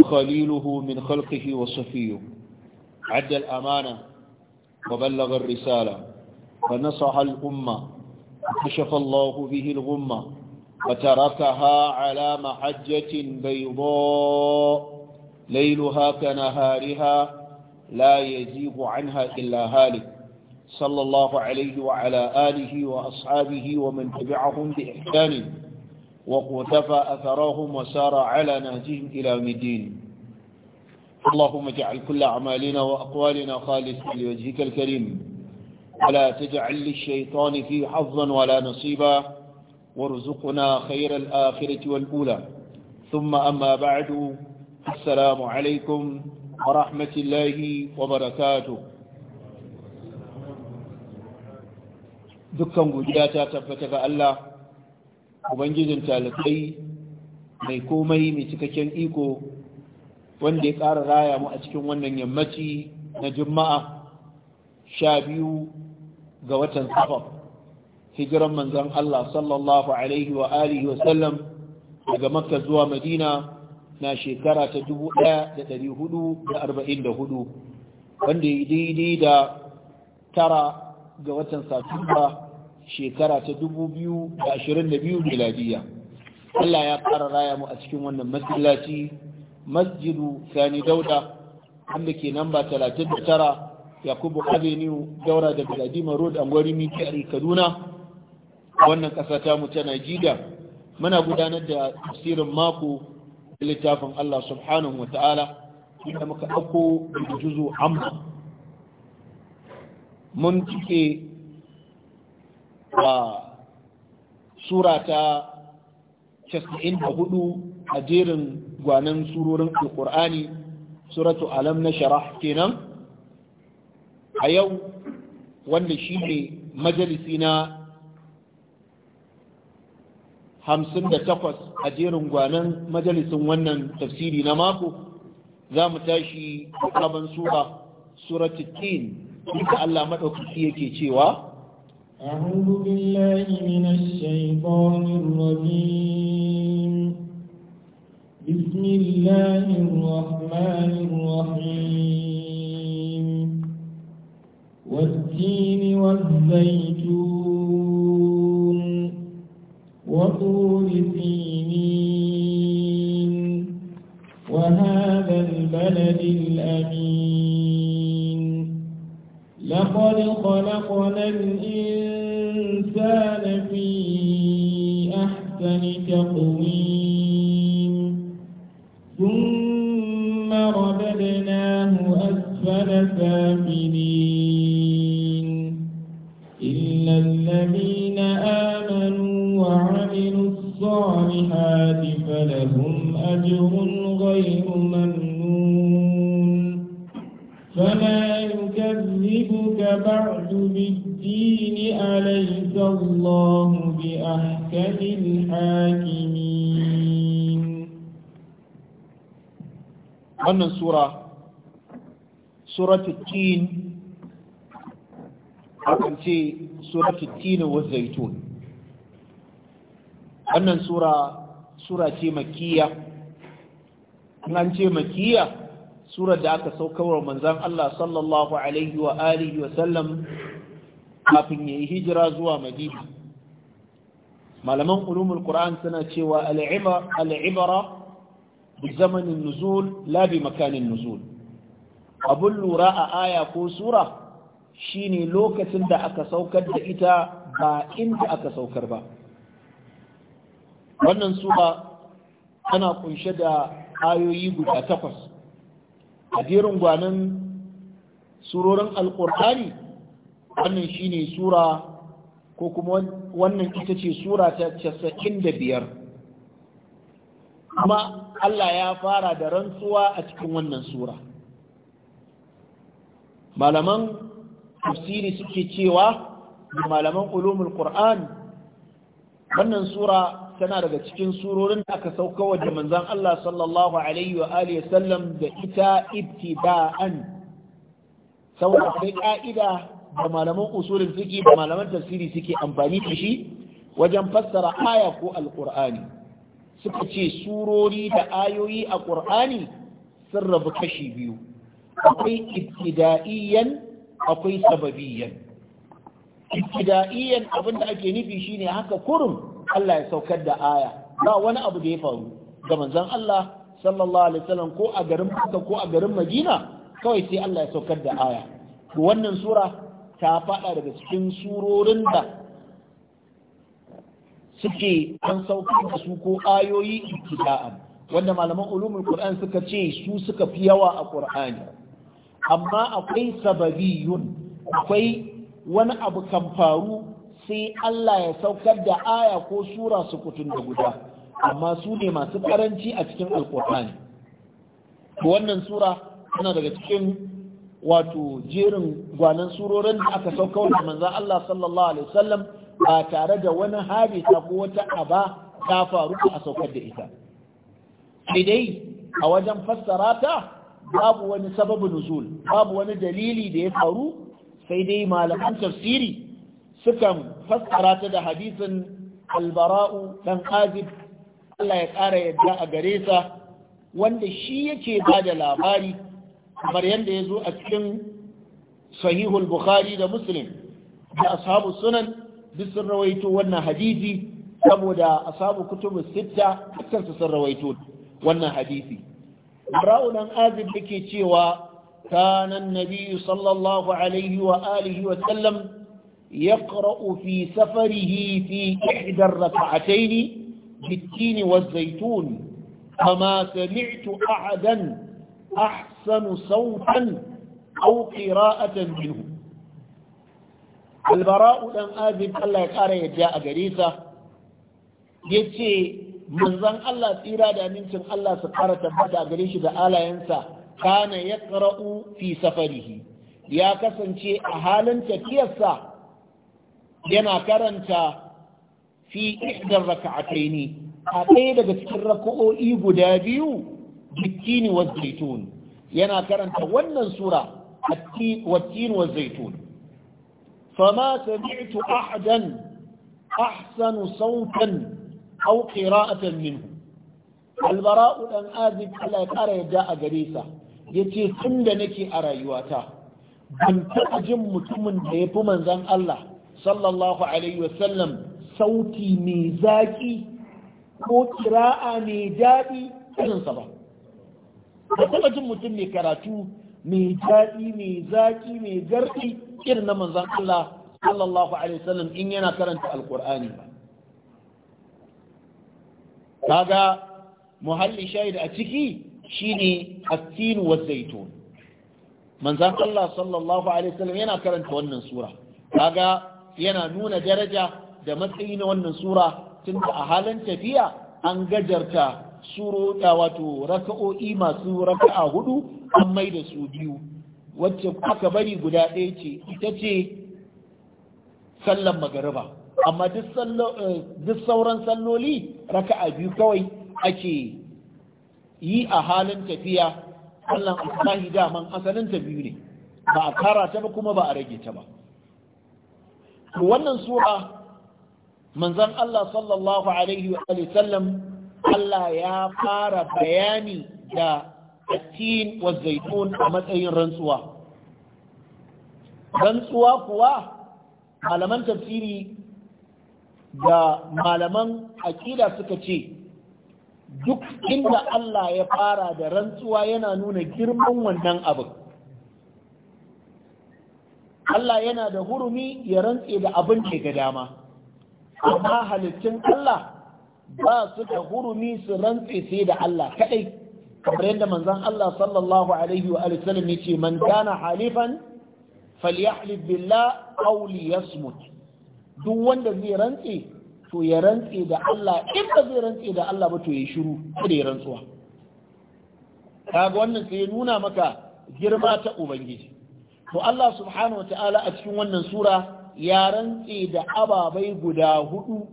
وخليله من خلقه وصفيه عد الأمانة وبلغ الرسالة فنصح الأمة وكشف الله به الغمة وتركها على محجة بيضاء ليلها كنهارها لا يزيغ عنها إلا هالك صلى الله عليه وعلى آله وأصحابه ومن تبعهم بإحسان وقتفى أثرهم وسار على نهجهم إلى مدين اللهم اجعل كل أعمالنا وأقوالنا خالصا لوجهك الكريم ولا تجعل للشيطان في حظا ولا نصيبا وارزقنا خير الآخرة والأولى ثم أما بعد السلام عليكم ورحمة الله وبركاته دكا وجداتا تبتك الله ubangijin talibai mai komai mai cikakken iko wanda ya ƙara raya mu a cikin wannan yammaci na juma'a sha biyu ga watan safar hijiran manzon Allah sallallahu alaihi wa alihi wa sallam daga makka zuwa madina na shekara ta 1444 wanda ya daidai da tara ga watan satumba shekara ta da miladiya Allah ya ƙara raya mu a cikin wannan masallaci masjidu sani dauda wanda ke namba tara, yakubu avenue daura da biladima road a gwari mikiyar kaduna wannan ƙasa ta mu ta najida muna gudanar da tafsirin mako littafin allah subhanahu wa ta'ala inda muka ɗauko da juzo amma mun cike surata sura ta 94 a jerin gwanan surorin alkur'ani suratu alam na sharah kenan a yau wanda shi ne majalisi na 58 a jerin gwanan majalisin wannan tafsiri na mako za mu tashi a sura suratu tin inda Allah maɗaukaki yake cewa أعوذ بالله من الشيطان الرجيم بسم الله الرحمن الرحيم والتين والزيتون وطول suratul tin akan ce suratul tin wa zaitun wannan sura sura ce makiyya an ce makiyya sura da aka saukawar manzan Allah sallallahu alaihi wa alihi wa sallam kafin ya yi hijira zuwa madina malaman ulumul qur'an suna cewa al'ibara bi zamanin nuzul la bi makanin nuzul abun lura a aya ko sura shine lokacin da aka saukar da ita ba inda aka saukar ba wannan sura tana kunshe da ayoyi guda takwas a jerin gwanin surorin alkur'ani wannan shine sura ko kuma wannan ita ce sura ta casa'in da biyar kuma allah ya fara da rantsuwa a cikin wannan sura malaman tafsiri suke cewa da malaman ulumul qur'an wannan sura tana daga cikin surorin da aka sauka da manzon Allah sallallahu alaihi wa alihi sallam da ita ibtida'an saboda kai ka'ida da malaman usulin fiqi da malaman tafsiri suke amfani da shi wajen fassara aya ko alqur'ani suka ce surori da ayoyi a qur'ani sun rabu kashi biyu akwai ibtida'iyyan akwai sababiyyan ibtida'iyyan abin da ake nufi shine haka kurum Allah ya saukar da aya ba wani abu da ya faru ga manzon Allah sallallahu alaihi wasallam ko a garin Makka ko a garin Madina kawai sai Allah ya saukar da aya wannan sura ta fada daga cikin surorin da suke an saukar da su ko ayoyi ibtida'an wanda malaman ulumul Qur'an suka ce su suka fi yawa a Qur'ani amma akwai sababiyun akwai wani abu kan faru sai Allah ya saukar da aya ko sura su kutun da guda amma su ne masu karanci a cikin alkur'ani wannan sura tana daga cikin wato jerin gwanan surorin da aka saukar da manzan Allah sallallahu alaihi wasallam ba tare da wani habita ko wata aba ta faru a saukar da ita sai dai a wajen fassara ta babu wani sababu nuzul babu wani dalili da ya faru sai dai malaman tafsiri sukan fassara ta da hadisin albara'u dan azib Allah ya ƙara yadda a gare sa wanda shi yake ba da labari kamar yadda ya zo a cikin sahihul bukhari da muslim da ashabu sunan duk sun rawaito wannan hadisi saboda ashabu kutubu sitta dukkan su sun rawaito wannan hadisi ra'unan azib da ke cewa kanan nabiyu sallallahu alaihi wa alihi wa sallam ya ƙara'u fi safarihi fi ƙidar rafa'atai ne jiki ne wa zaitun kama sami'tu ahadan ahsanu sautan aw qira'atan minhu al bara'u dan azib Allah ya kara ya a gare sa yace manzon Allah tsira da amincin Allah su fara tabbata gare shi da alayensa kana yaqra'u fi safarihi ya kasance a halin tafiyarsa yana karanta fi ihdar raka'ataini a ɗaya daga cikin raka'o'i guda biyu bittini wa zaitun yana karanta wannan sura wattin wa zaitun fama sami'tu ahadan ahsanu sautan aw qira'atan minhu albara'u ɗan azib Allah ya yadda a gare sa tun da nake a rayuwata ban taɓa jin mutumin da ya fi manzon Allah sallallahu alaihi wasallam sauti mai zaƙi ko kira'a mai daɗi irinsa ba ba taɓa jin mutum mai karatu mai daɗi mai zaƙi mai garɗi irin na manzon Allah sallallahu alaihi wasallam in yana karanta alƙur'ani kaga muhalli shahid a ciki shine at-tin wa zaitun manzon Allah sallallahu alaihi wasallam yana karanta wannan sura kaga yana nuna daraja da matsayi na wannan sura tunda a halin tafiya an gajarta suro da wato raka'o'i masu raka'a hudu an mai da su biyu wacce aka bari guda ɗaya ce ita ce sallan magariba amma eh, duk sauran salloli raka'a biyu kawai ake yi a halin tafiya sallan asubahi daman asalinta biyu ne ba a kara ta ba kuma ba a rage ta ba wannan sura manzan Allah sallallahu alaihi wa sallam Allah ya fara bayani da attin wa zaitun a matsayin rantsuwa rantsuwa kuwa malaman tafsiri da malaman aƙida suka ce duk inda Allah ya fara da rantsuwa yana nuna girman wannan abin Allah yana da hurumi ya rantse da abin ke ga dama amma halittun Allah ba su da hurumi su rantse sai da Allah kaɗai. kamar yadda manzon Allah sallallahu alaihi wa sallam ya ce man kana halifan falyahlif billah aw liyasmut duk wanda zai rantse to ya rantse da Allah in ba zai rantse da Allah ba to ya shiru kada ya rantsuwa kaga wannan sai ya nuna maka girma ta ubangiji to Allah subhanahu wa ta'ala a cikin wannan sura ya rantse da ababai guda hudu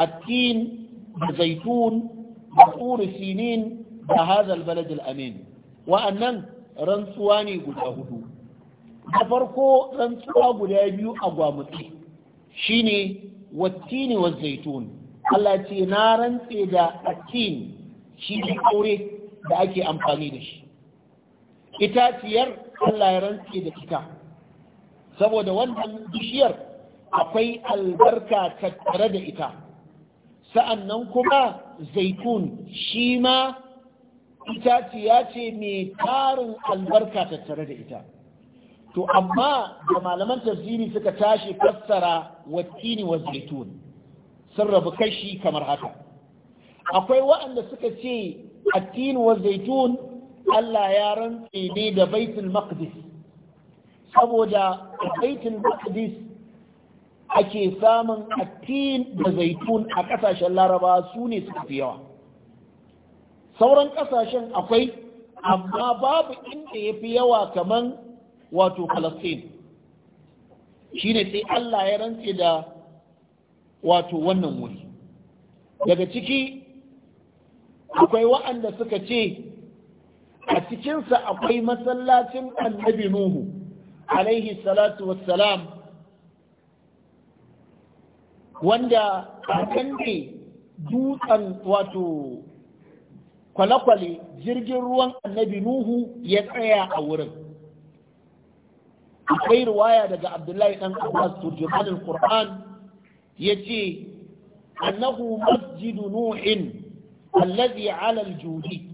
atin da zaitun da tsuri sinin da hazal balad al-amin wa'annan rantsuwa ne guda hudu da farko rantsuwa guda biyu a gwamutse shine wattini wa zaitun Allah ce na rantse da attin shi ne aure da ake amfani da shi itaciyar Allah ya rantse da ita saboda wannan bishiyar akwai albarka tattare da ita sa'annan kuma zaitun shi ma itaciya ce mai tarin albarka tattare da ita to amma da malaman tafsiri suka tashi fassara watini wa zaitun sun rabu kashi kamar haka akwai waɗanda suka ce attini wa zaitun Allah ya rantse ne da baitul maqdis saboda baitul maqdis ake samun attin da zaitun a ƙasashen laraba su ne suka fi yawa sauran ƙasashen akwai amma babu inda ya fi yawa kamar. wato Falastin ne sai Allah ya rantse da wato wannan wuri daga ciki akwai wa'anda suka ce a cikinsa akwai masallacin annabi Nuhu alaihi salatu wassalam wanda a kan dutsen wato kwale-kwale jirgin ruwan annabi Nuhu ya tsaya a wurin akwai riwaya daga abdullahi dan abbas turjuman alquran yace annahu masjidu nuhin allazi ala aljudi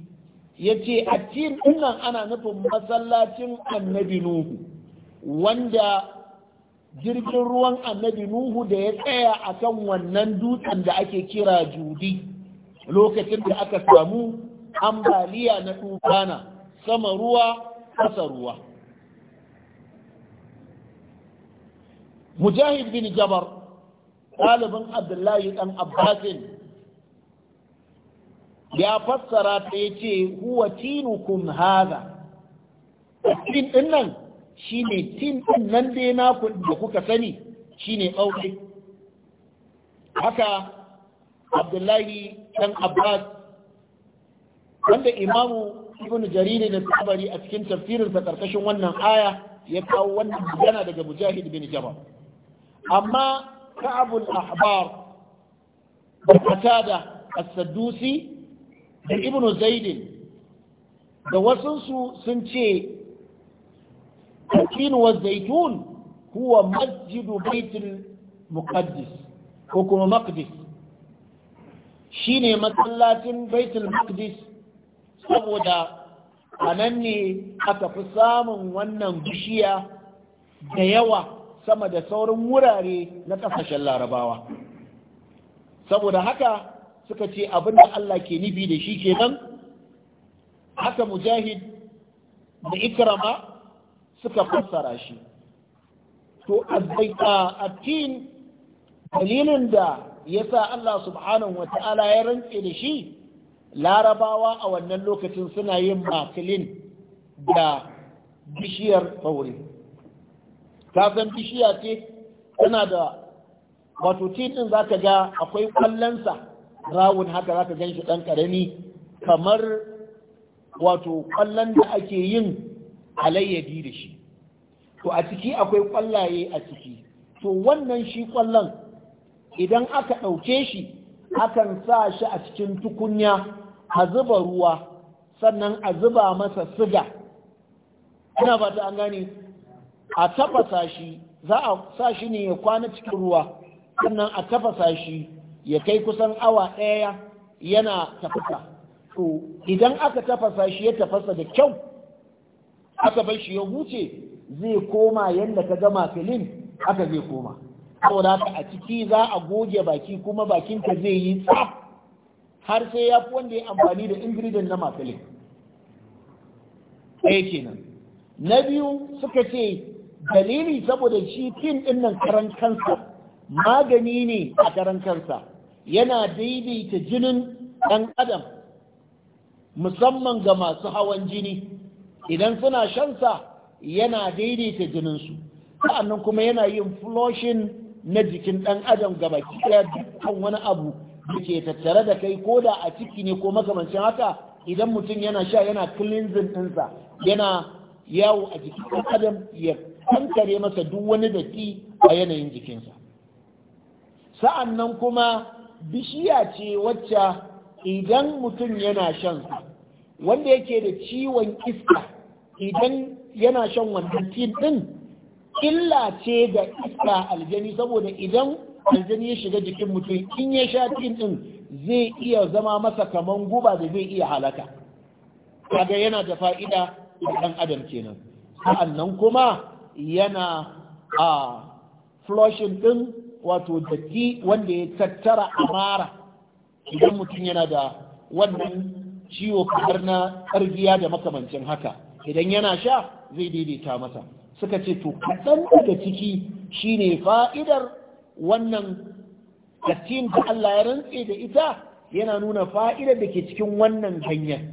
yace a cikin nan ana nufin masallacin annabi nuhu wanda jirgin ruwan annabi nuhu da ya tsaya a kan wannan dutsen da ake kira judi lokacin da aka samu ambaliya na tufana sama ruwa kasa ruwa mujahid bin jabar ɗalibin abdullahi ɗan abbasin ya fassara ta ya ce huwa tinukum haza tin ɗin nan shi ne tin ɗin nan dai naku da kuka sani shine ne haka abdullahi ɗan abbas wanda imamu ibn jariri da tabari a cikin tafsirinsa ƙarƙashin wannan aya ya kawo wannan magana daga mujahid bin jabar amma ka'abul ahbar da qatada as-saddusi da ibnu zaid da wasunsu sun ce wa zaitun huwa masjidu baitul muqaddis ko kuma maqdis shine masallacin baitul maqdis saboda anan ne aka fi samun wannan bishiya da yawa sama da saurin wurare na kasashen larabawa saboda haka suka ce abin da Allah ke nufi da shi kenan haka mujahid da ikrama suka fassara shi to addin dalilin da ya sa Allah subhanahu wa ta'ala ya rantse da shi larabawa a wannan lokacin suna yin makilin da bishiyar faure ta bishiya ce tana da wato titin za ka ga akwai kwallonsa rawun haka za ka gan shi ɗan ƙarami kamar wato kwallon da ake yin alayyadi da shi to a ciki akwai kwallaye a ciki to wannan shi kwallon idan aka ɗauke shi akan sa shi a cikin tukunya a zuba ruwa sannan a zuba masa siga ina ba ta an gane a tafasa shi za a sa shi ne ya kwana cikin ruwa sannan a tafasa shi ya kai kusan awa ɗaya yana tafasa to idan aka tafasa shi ya tafasa da kyau aka bar shi ya huce zai koma yadda ka gama filin aka zai koma saboda haka a ciki za a goge baki kuma ka zai yi tsaf har sai ya fi wanda ya amfani da ingridin na mafilin ɗaya kenan na biyu suka ce dalili saboda shi tin din nan karan kansa magani ne a karan kansa yana daidaita jinin ɗan adam musamman ga masu hawan jini idan suna shansa yana daidaita jininsu sa'annan kuma yana yin flushing na jikin ɗan adam ga baki ɗaya dukkan wani abu da ke tattare da kai ko da a ciki ne ko makamancin haka idan mutum yana sha yana cleansing ɗinsa yana yawo a jikin ɗan adam ya an masa duk wani datti a yanayin jikinsa sa'an nan kuma bishiya ce wacce idan mutum yana shan wanda yake da ciwon iska idan yana shan wannan tin din illa ce ga iska aljani saboda idan aljani ya shiga jikin mutum in ya sha tin ɗin zai iya zama masa kaman guba da zai iya halaka kaga yana da fa'ida ɗan adam kenan nan. kuma yana a flushing din wato datti wanda ya tattara amara idan mutum yana da wannan ciwo kamar na ƙargiya da makamancin haka idan yana sha zai daidaita masa suka ce to kaɗan daga ciki shine fa'idar wannan dattin da Allah ya rantse da ita yana nuna fa'idar da ke cikin wannan ganyen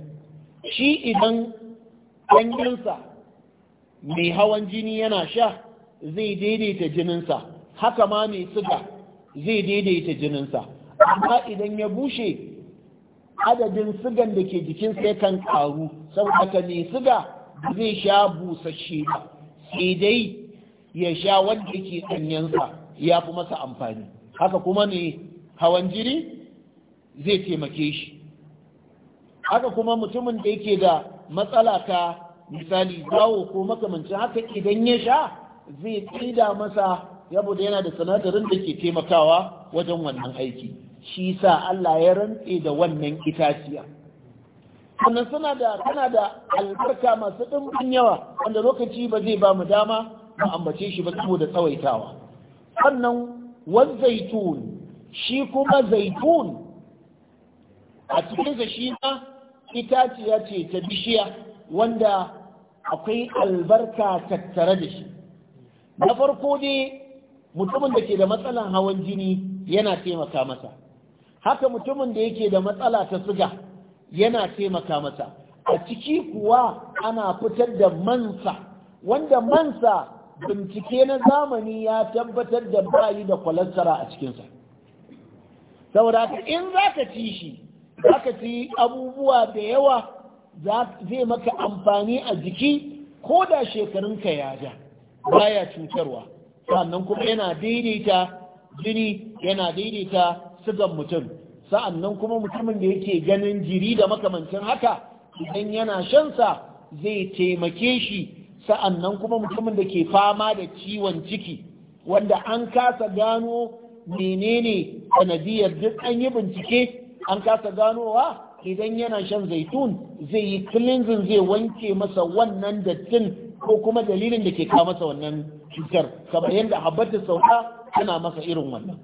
shi idan ganyensa mai hawan jini yana sha zai daidaita jininsa haka ma mai siga zai daidaita jininsa amma idan ya bushe adadin sigan da ke jikinsa kan karu saboda ka mai siga zai sha busasshe ba sai dai ya sha wanda ke ɗanyensa ya fi masa amfani haka kuma mai hawan jini zai taimake shi haka kuma mutumin da yake da matsala ta misali zawo ko makamancin haka idan ya sha zai tsida masa da yana da sanadarin da ke taimakawa wajen wannan aiki shi sa Allah ya rantse da wannan itaciya sannan suna da tana da albarka masu ɗimbin yawa wanda lokaci ba zai ba mu dama mu ambace shi ba saboda tsawaitawa sannan wan zaitun shi kuma zaitun a cikin shi ma itaciya ce ta bishiya wanda akwai albarka tattare da shi na farko dai mutumin da ke da matsalan hawan jini yana taimaka masa haka mutumin da yake da matsala ta suga yana taimaka masa a ciki kuwa ana fitar da mansa wanda mansa bincike na zamani ya tabbatar da bayi da kwalansara a cikinsa saboda in za ka ci shi za ka ci abubuwa da yawa zai maka amfani a jiki ko da shekarunka ya ja baya cutarwa sannan kuma yana daidaita jini yana daidaita sugan mutum sa'annan kuma mutumin da yake ganin jiri da makamancin haka idan yana shansa zai taimake shi sa'annan kuma mutumin da ke fama da ciwon ciki wanda an kasa gano menene sanadiyar duk an yi bincike an kasa ganowa idan yana shan zaitun zai yi cleansing zai wanke masa wannan dattin ko kuma dalilin da ke kawo masa wannan cutar kamar yadda habbatu sauka tana masa irin wannan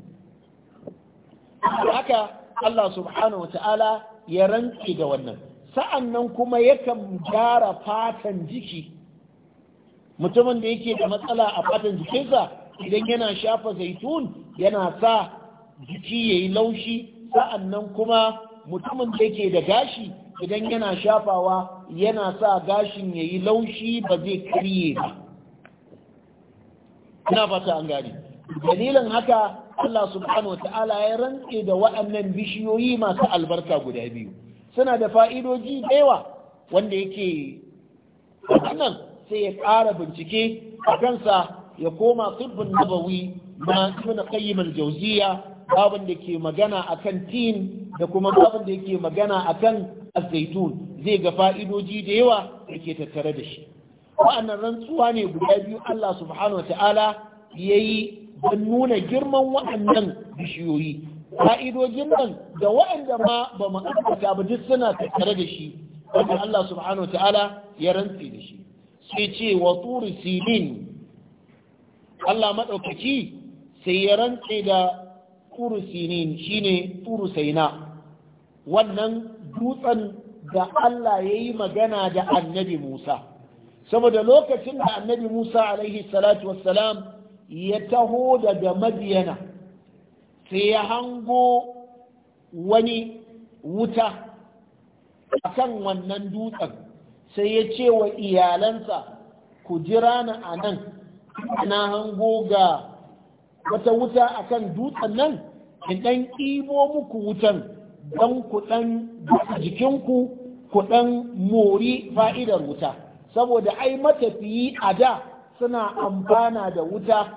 haka Allah subhanahu wata'ala ya rantse da wannan sa'annan kuma yakan gyara fatan jiki mutumin da yake da matsala a fatan jikinsa idan yana shafa zaitun yana sa jiki ya yi laushi sa'annan kuma mutumin da yake da gashi idan yana shafawa yana sa gashin ya yi laushi ba zai karye ba na fata an gane dalilin haka Allah subhanahu ta'ala ya rantse da waɗannan bishiyoyi masu albarka guda biyu suna da fa'idoji da yawa wanda yake wannan sai ya ƙara bincike a kansa ya koma tsibbin nabawi na ibn qayyim al babin da ke magana akan tin da kuma babin da ke magana akan azaitun zai ga fa'idoji da yawa da ke tattare da shi wa'annan rantsuwa ne guda biyu Allah subhanahu wa ta'ala ya yi don nuna girman wa'annan bishiyoyi fa'idojin nan da wa'anda ma ba mu ba duk suna tattare da shi wanda Allah subhanahu wa ta'ala ya rantsi da shi sai ce wa turi silin Allah maɗaukaci, sai ya rantse da turusinin shine turusaina wannan dutsen da Allah ya yi magana da annabi Musa saboda lokacin da annabi Musa alaihi salatu wassalam ya taho daga madiyana sai ya hango wani wuta a kan wannan dutsen sai ya ce wa iyalansa ku jira ni anan, nan na hango ga wata wuta akan dutsen nan in ɗan ɗibo muku wutan don kuɗan jikinku kuɗan mori fa'idar wuta saboda ai matafiyi a da suna amfana da wuta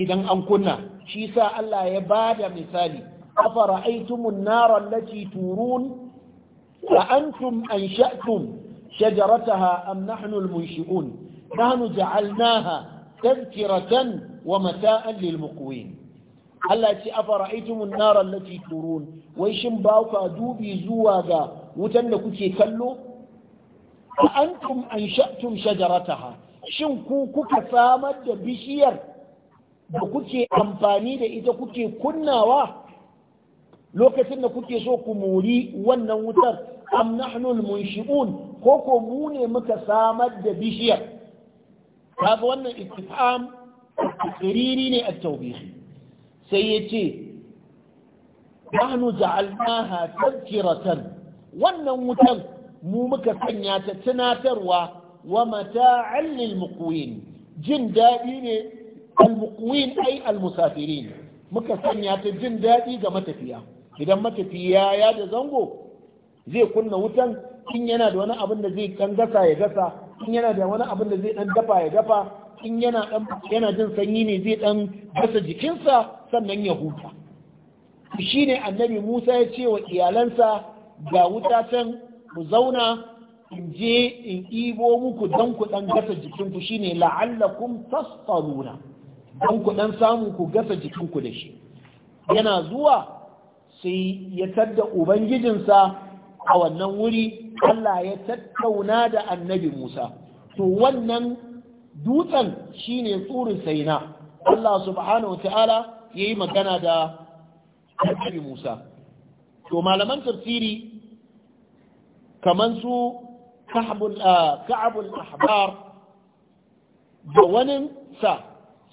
idan an kunna shi sa Allah ya ba da misali afara aitumun naran lati turun a antum an sha'tum shajarataha am nahnu almunshi'un naha ja'alnaha tadhkiratan wa mata'an lil muqwin Allah ce afara'aytumun nar allati turun wai shin ba ku dubi zuwa ga wutan da kuke kallo a antum ansha'tum shajarataha shin ku kuka samar da bishiyar da kuke amfani da ita kuke kunnawa lokacin da kuke so ku muri wannan wutar am nahnu munshi'un ko ko mu ne muka samar da bishiyar kaga wannan istifham tsiriri ne a taubihi sai ya ce nahnu wannan wutan mu muka sanya ta tunatarwa wa mata'an lil muqwin jin daɗi ne al ai al ne muka sanya ta jin daɗi ga matafiya idan matafiya ya da zango zai kunna wutan in yana da wani abin da zai kan gasa ya gasa in yana da wani abin da zai dan dafa ya dafa in yana yana jin sanyi ne zai dan gasa jikinsa sannan ya huta shi annabi Musa ya ce wa iyalansa ga wuta can ku zauna in je in ibo muku dan ku dan gasa jikinku shine la'allakum tasfaluna dan ku dan samu ku gasa jikinku da shi yana zuwa sai ya tadda ubangijinsa a wannan wuri Allah ya tattauna da annabi Musa to wannan dutsen shine tsurin saina Allah subhanahu wa ta'ala yayi magana da Annabi Musa to malaman tafsiri kamar su ka'abul ah, Ahbar da wani sa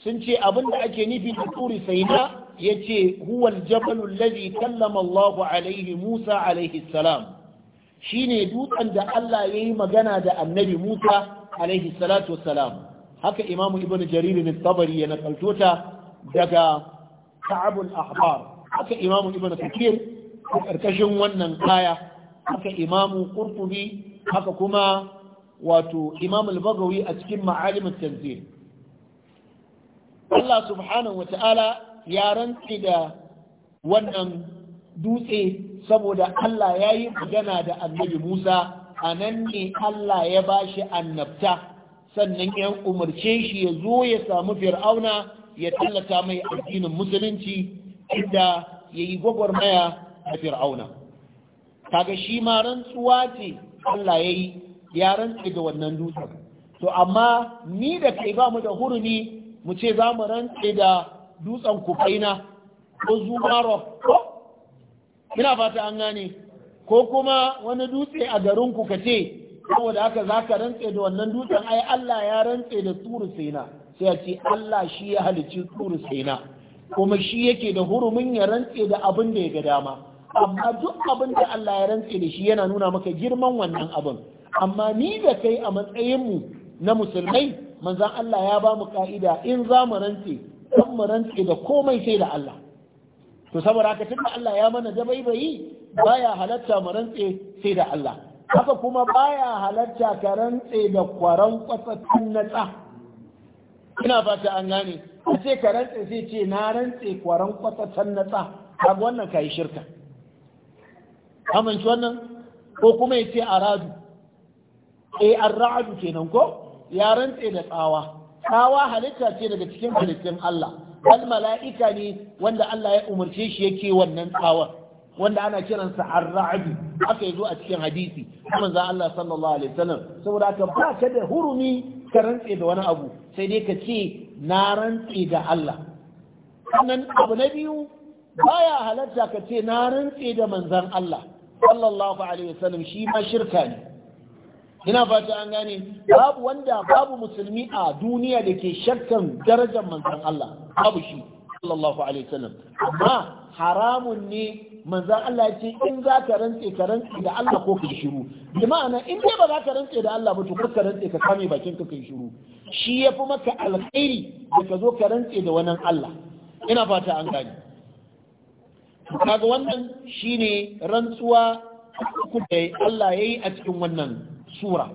sun ce abin da ake nufi da turi saina ya ce, huwal jabal alladhi kallama Allah alayhi Musa alayhi salam shine dutsen da Allah yayi magana da Annabi Musa alaihi salatu wassalam haka imamu ibn jarir bin tabari ya nakalto ta daga ka'abul ahbar haka imamu ibn kathir a karkashin wannan kaya haka imamu qurtubi haka kuma wato imam al-bagawi a cikin ma'alim at-tanzil Allah subhanahu wa ta'ala ya rantsi da wannan dutse saboda Allah ya yi magana da annabi Musa a nan ne Allah ya bashi annabta sannan 'yan umarce shi ya zo ya samu fir'auna ya tallata mai addinin musulunci inda ya yi gwagwarmaya a fir'auna kaga shi ma rantsuwa ce Allah ya yi ya rantsu da wannan dutsen to amma ni da kai ba mu da hurumi mu ce za mu rantsu da dutsen kufaina ko zuma ko ina fata an gane ko kuma wani dutse a garinku ka ce saboda haka za ka rantse da wannan dutsen ai Allah ya rantse da turu sina sai ya ce Allah shi ya halicci turu sina kuma shi yake da hurumin ya rantse da abin da ya ga dama amma duk abin da Allah ya rantse da shi yana nuna maka girman wannan abin amma ni da kai a matsayinmu na musulmai manzan Allah ya ba mu ka'ida in za mu rantse kan mu rantse da komai sai da Allah to saboda haka tunda Allah ya mana dabaibayi baya halatta mu rantse sai da Allah haka kuma baya halarta ka rantse da kwaran kwatsatsin natsa ina fata an gane a ce ka rantse sai ce na rantse kwaran kwatsatsin natsa kaga wannan kayi shirka amince wannan ko kuma ya ce aradu eh ra'adu kenan ko ya rantse da tsawa tsawa halitta ce daga cikin halittun Allah al mala'ika ne wanda Allah ya umarce shi yake wannan tsawar wanda ana kiransa ra'adu. haka yazo a cikin hadisi manzo Allah sallallahu alaihi wasallam saboda haka ba ka da hurumi ka rantse da wani abu sai dai ka ce na rantse da Allah sannan abu na biyu baya halatta ka ce na rantse da manzon Allah sallallahu alaihi wasallam shi ma shirka ne ina fata an gane babu wanda babu musulmi a duniya da ke shakkan darajar manzon Allah babu shi sallallahu alaihi wasallam amma haramun ne manzan Allah ya ce in za ka rantse ka rantse da Allah ko ka shiru bi ma'ana in dai ba za ka rantse da Allah ba to ka rantse ka kame bakin ka kai shiru shi ya fi maka alkhairi da ka zo ka rantse da wannan Allah ina fata an gani kaga wannan shine rantsuwa da Allah yayi a cikin wannan sura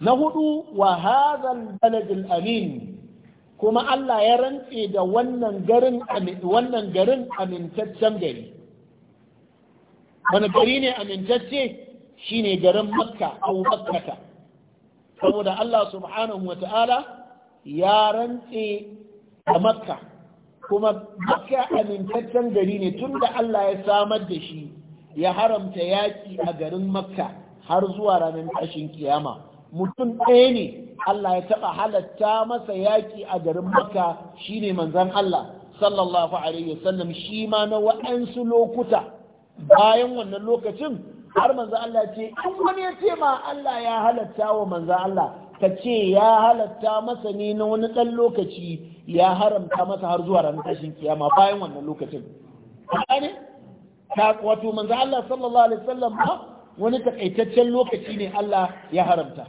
na hudu wa hadhal baladil amin kuma Allah ya rantse da wannan garin wannan garin amintaccen gari wani gari ne amintacce shine garin makka ko makkata saboda Allah subhanahu wa ta'ala ya rantse a makka kuma makka amintaccen gari ne tun da Allah ya samar da shi ya haramta yaƙi a garin makka har zuwa ranar tashin kiyama mutum ɗaya ne Allah ya taɓa halatta masa yaƙi a garin makka shine manzon Allah sallallahu alaihi wasallam shi ma na wa'ansu lokuta bayan wannan lokacin har manzo Allah ce in wani ya ce ma Allah ya halatta wa manzo Allah ka ce ya halatta masa ne na wani ɗan lokaci ya haramta masa har zuwa ran tashin kiyama bayan wannan lokacin ne wato manzo Allah sallallahu alaihi wasallam ba wani takaitaccen lokaci ne Allah ya haramta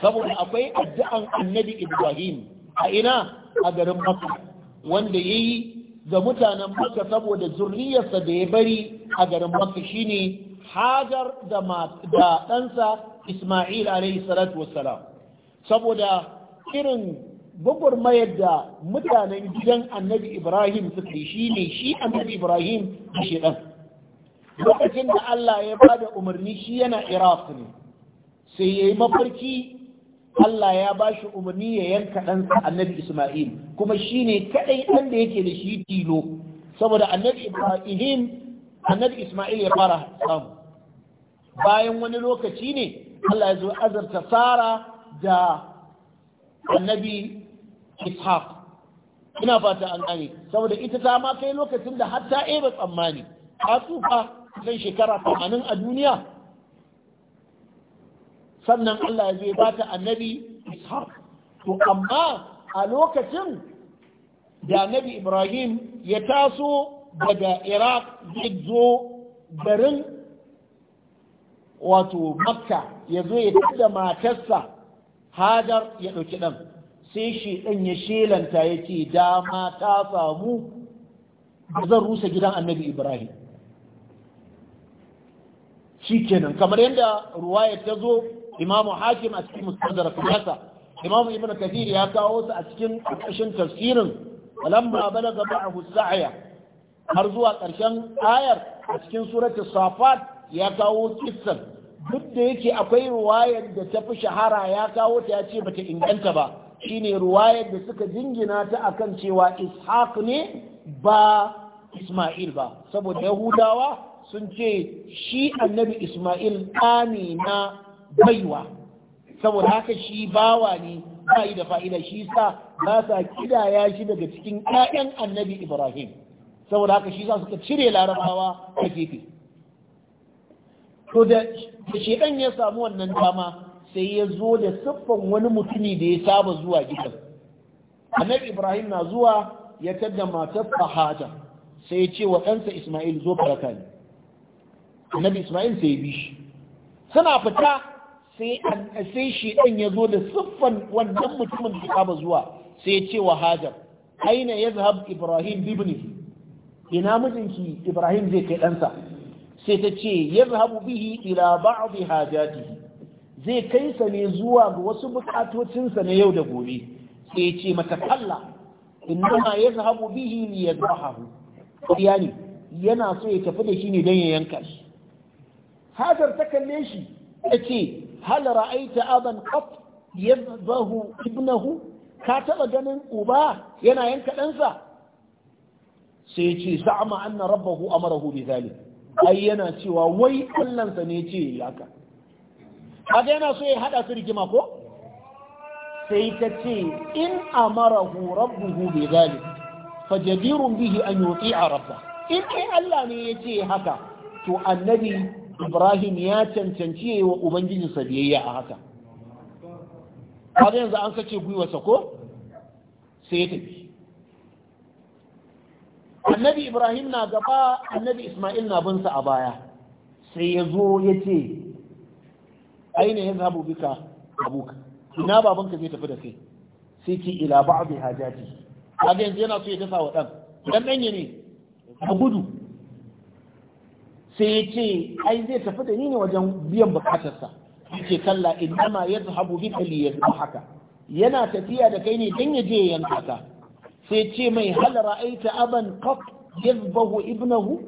saboda akwai addu'an annabi Ibrahim a ina a garin Makka wanda yayi ga mutanen Makka saboda zurriyarsa da ya bari a garin makka shine hajar da ɗansa ismail alayhi salatu wassalam saboda irin mayar da mutanen gidan annabi ibrahim suka yi shine shi annabi ibrahim da dan. lokacin da allah ya ba da umarni shi yana iraq ne sai ya yi mafarki Allah ya ba shi umarni ya yanka ɗansa annabi Ismail kuma shi ne kaɗai ɗan da yake da shi tilo saboda annabi Ibrahim annabi Ismail ya fara samu bayan wani lokaci ne Allah ya zo azarta Sara da annabi Ishaq ina fata an gane saboda ita ta ma kai lokacin da hatta ta eba tsammani ta tsufa zai shekara 80 a duniya sannan Allah ya zai bata annabi Ishaq to amma a lokacin da annabi Ibrahim ya taso daga iraq zai zo garin wato makka ya zo ya da matarsa hajar ya ɗauki ɗan sai shi ɗan ya shelanta ya ce dama ta samu Ba zan rusa gidan annabi ibrahim shi kenan kamar yadda ruwayar ta zo imamu hakim a cikin Imam kasa imamu ibn ya kawo su a cikin ƙarshen tafsirin lamma balaga ma'ahu sa'ya har zuwa ƙarshen ayar a cikin suratul safat ya kawo kissan duk da yake akwai ruwayar da ta fi shahara ya kawo ta ya ce bata inganta ba shine ruwayar da suka jingina ta a kan cewa ishaq ne ba isma'il ba saboda yahudawa sun ce shi annabi isma'il ɗani na baiwa saboda haka shi bawa ne ba yi da fa'ida shi sa ba sa kidaya shi daga cikin 'ya'yan annabi ibrahim saboda haka shi za su cire larabawa a gefe to da shedan ya samu wannan dama sai ya zo da siffan wani mutumi da ya saba zuwa gidan annabi ibrahim na zuwa ya tadda matar fahata sai ya ce wa ɗansa ismail zo faraka ne annabi ismail sai ya bi shi suna fita sai shi ɗan ya zo da siffan wannan mutumin da ya saba zuwa sai ya ce wa hajar aina ya zahab ibrahim Bibini? ina mijinki ibrahim zai kai ɗansa sai ta ce yadhabu bihi ila hajatihi zai kai sa ne zuwa ga wasu bukatocinsa na yau da gobe sai ce mata kalla innama yadhabu bihi li yadhahu yani yana so ya tafi da shi ne dan ya yanka shi hajar ta kalle shi ta ce hal ra'aita aban qat yadhahu ibnahu ka taba ganin uba yana yanka ɗansa sai ya ce za'ama anna rabbahu amarahu bi zalik ai yana cewa wai Allahnsa ne ce yi haka kaga yana so ya hada su rigima ko sai ta ce in amarahu rabbuhu bi zalik fajadirun bihi an yuti'a rabba in ai Allah ne ya ce haka to annabi Ibrahim ya cancanci yi wa ubangijinsa biyayya a haka kaga yanzu an sace gwiwarsa ko sai ya tafi annabi ibrahim na gaba annabi isma'il na binsa a baya sai ya zo ya ce aina ya zabu bika abuka ina babanka zai tafi da kai sai ki ila ba'dhi hajati kaga yanzu yana so ya dafa wa dan dan danye ne a gudu sai ya ce ai zai tafi da ni ne wajen biyan bukatarsa yace kalla ma yadhhabu bika li yadhhaka yana tafiya da kai ne dan ya je yanka ka sai ce mai hal ra'aita aban qat yazbahu ibnahu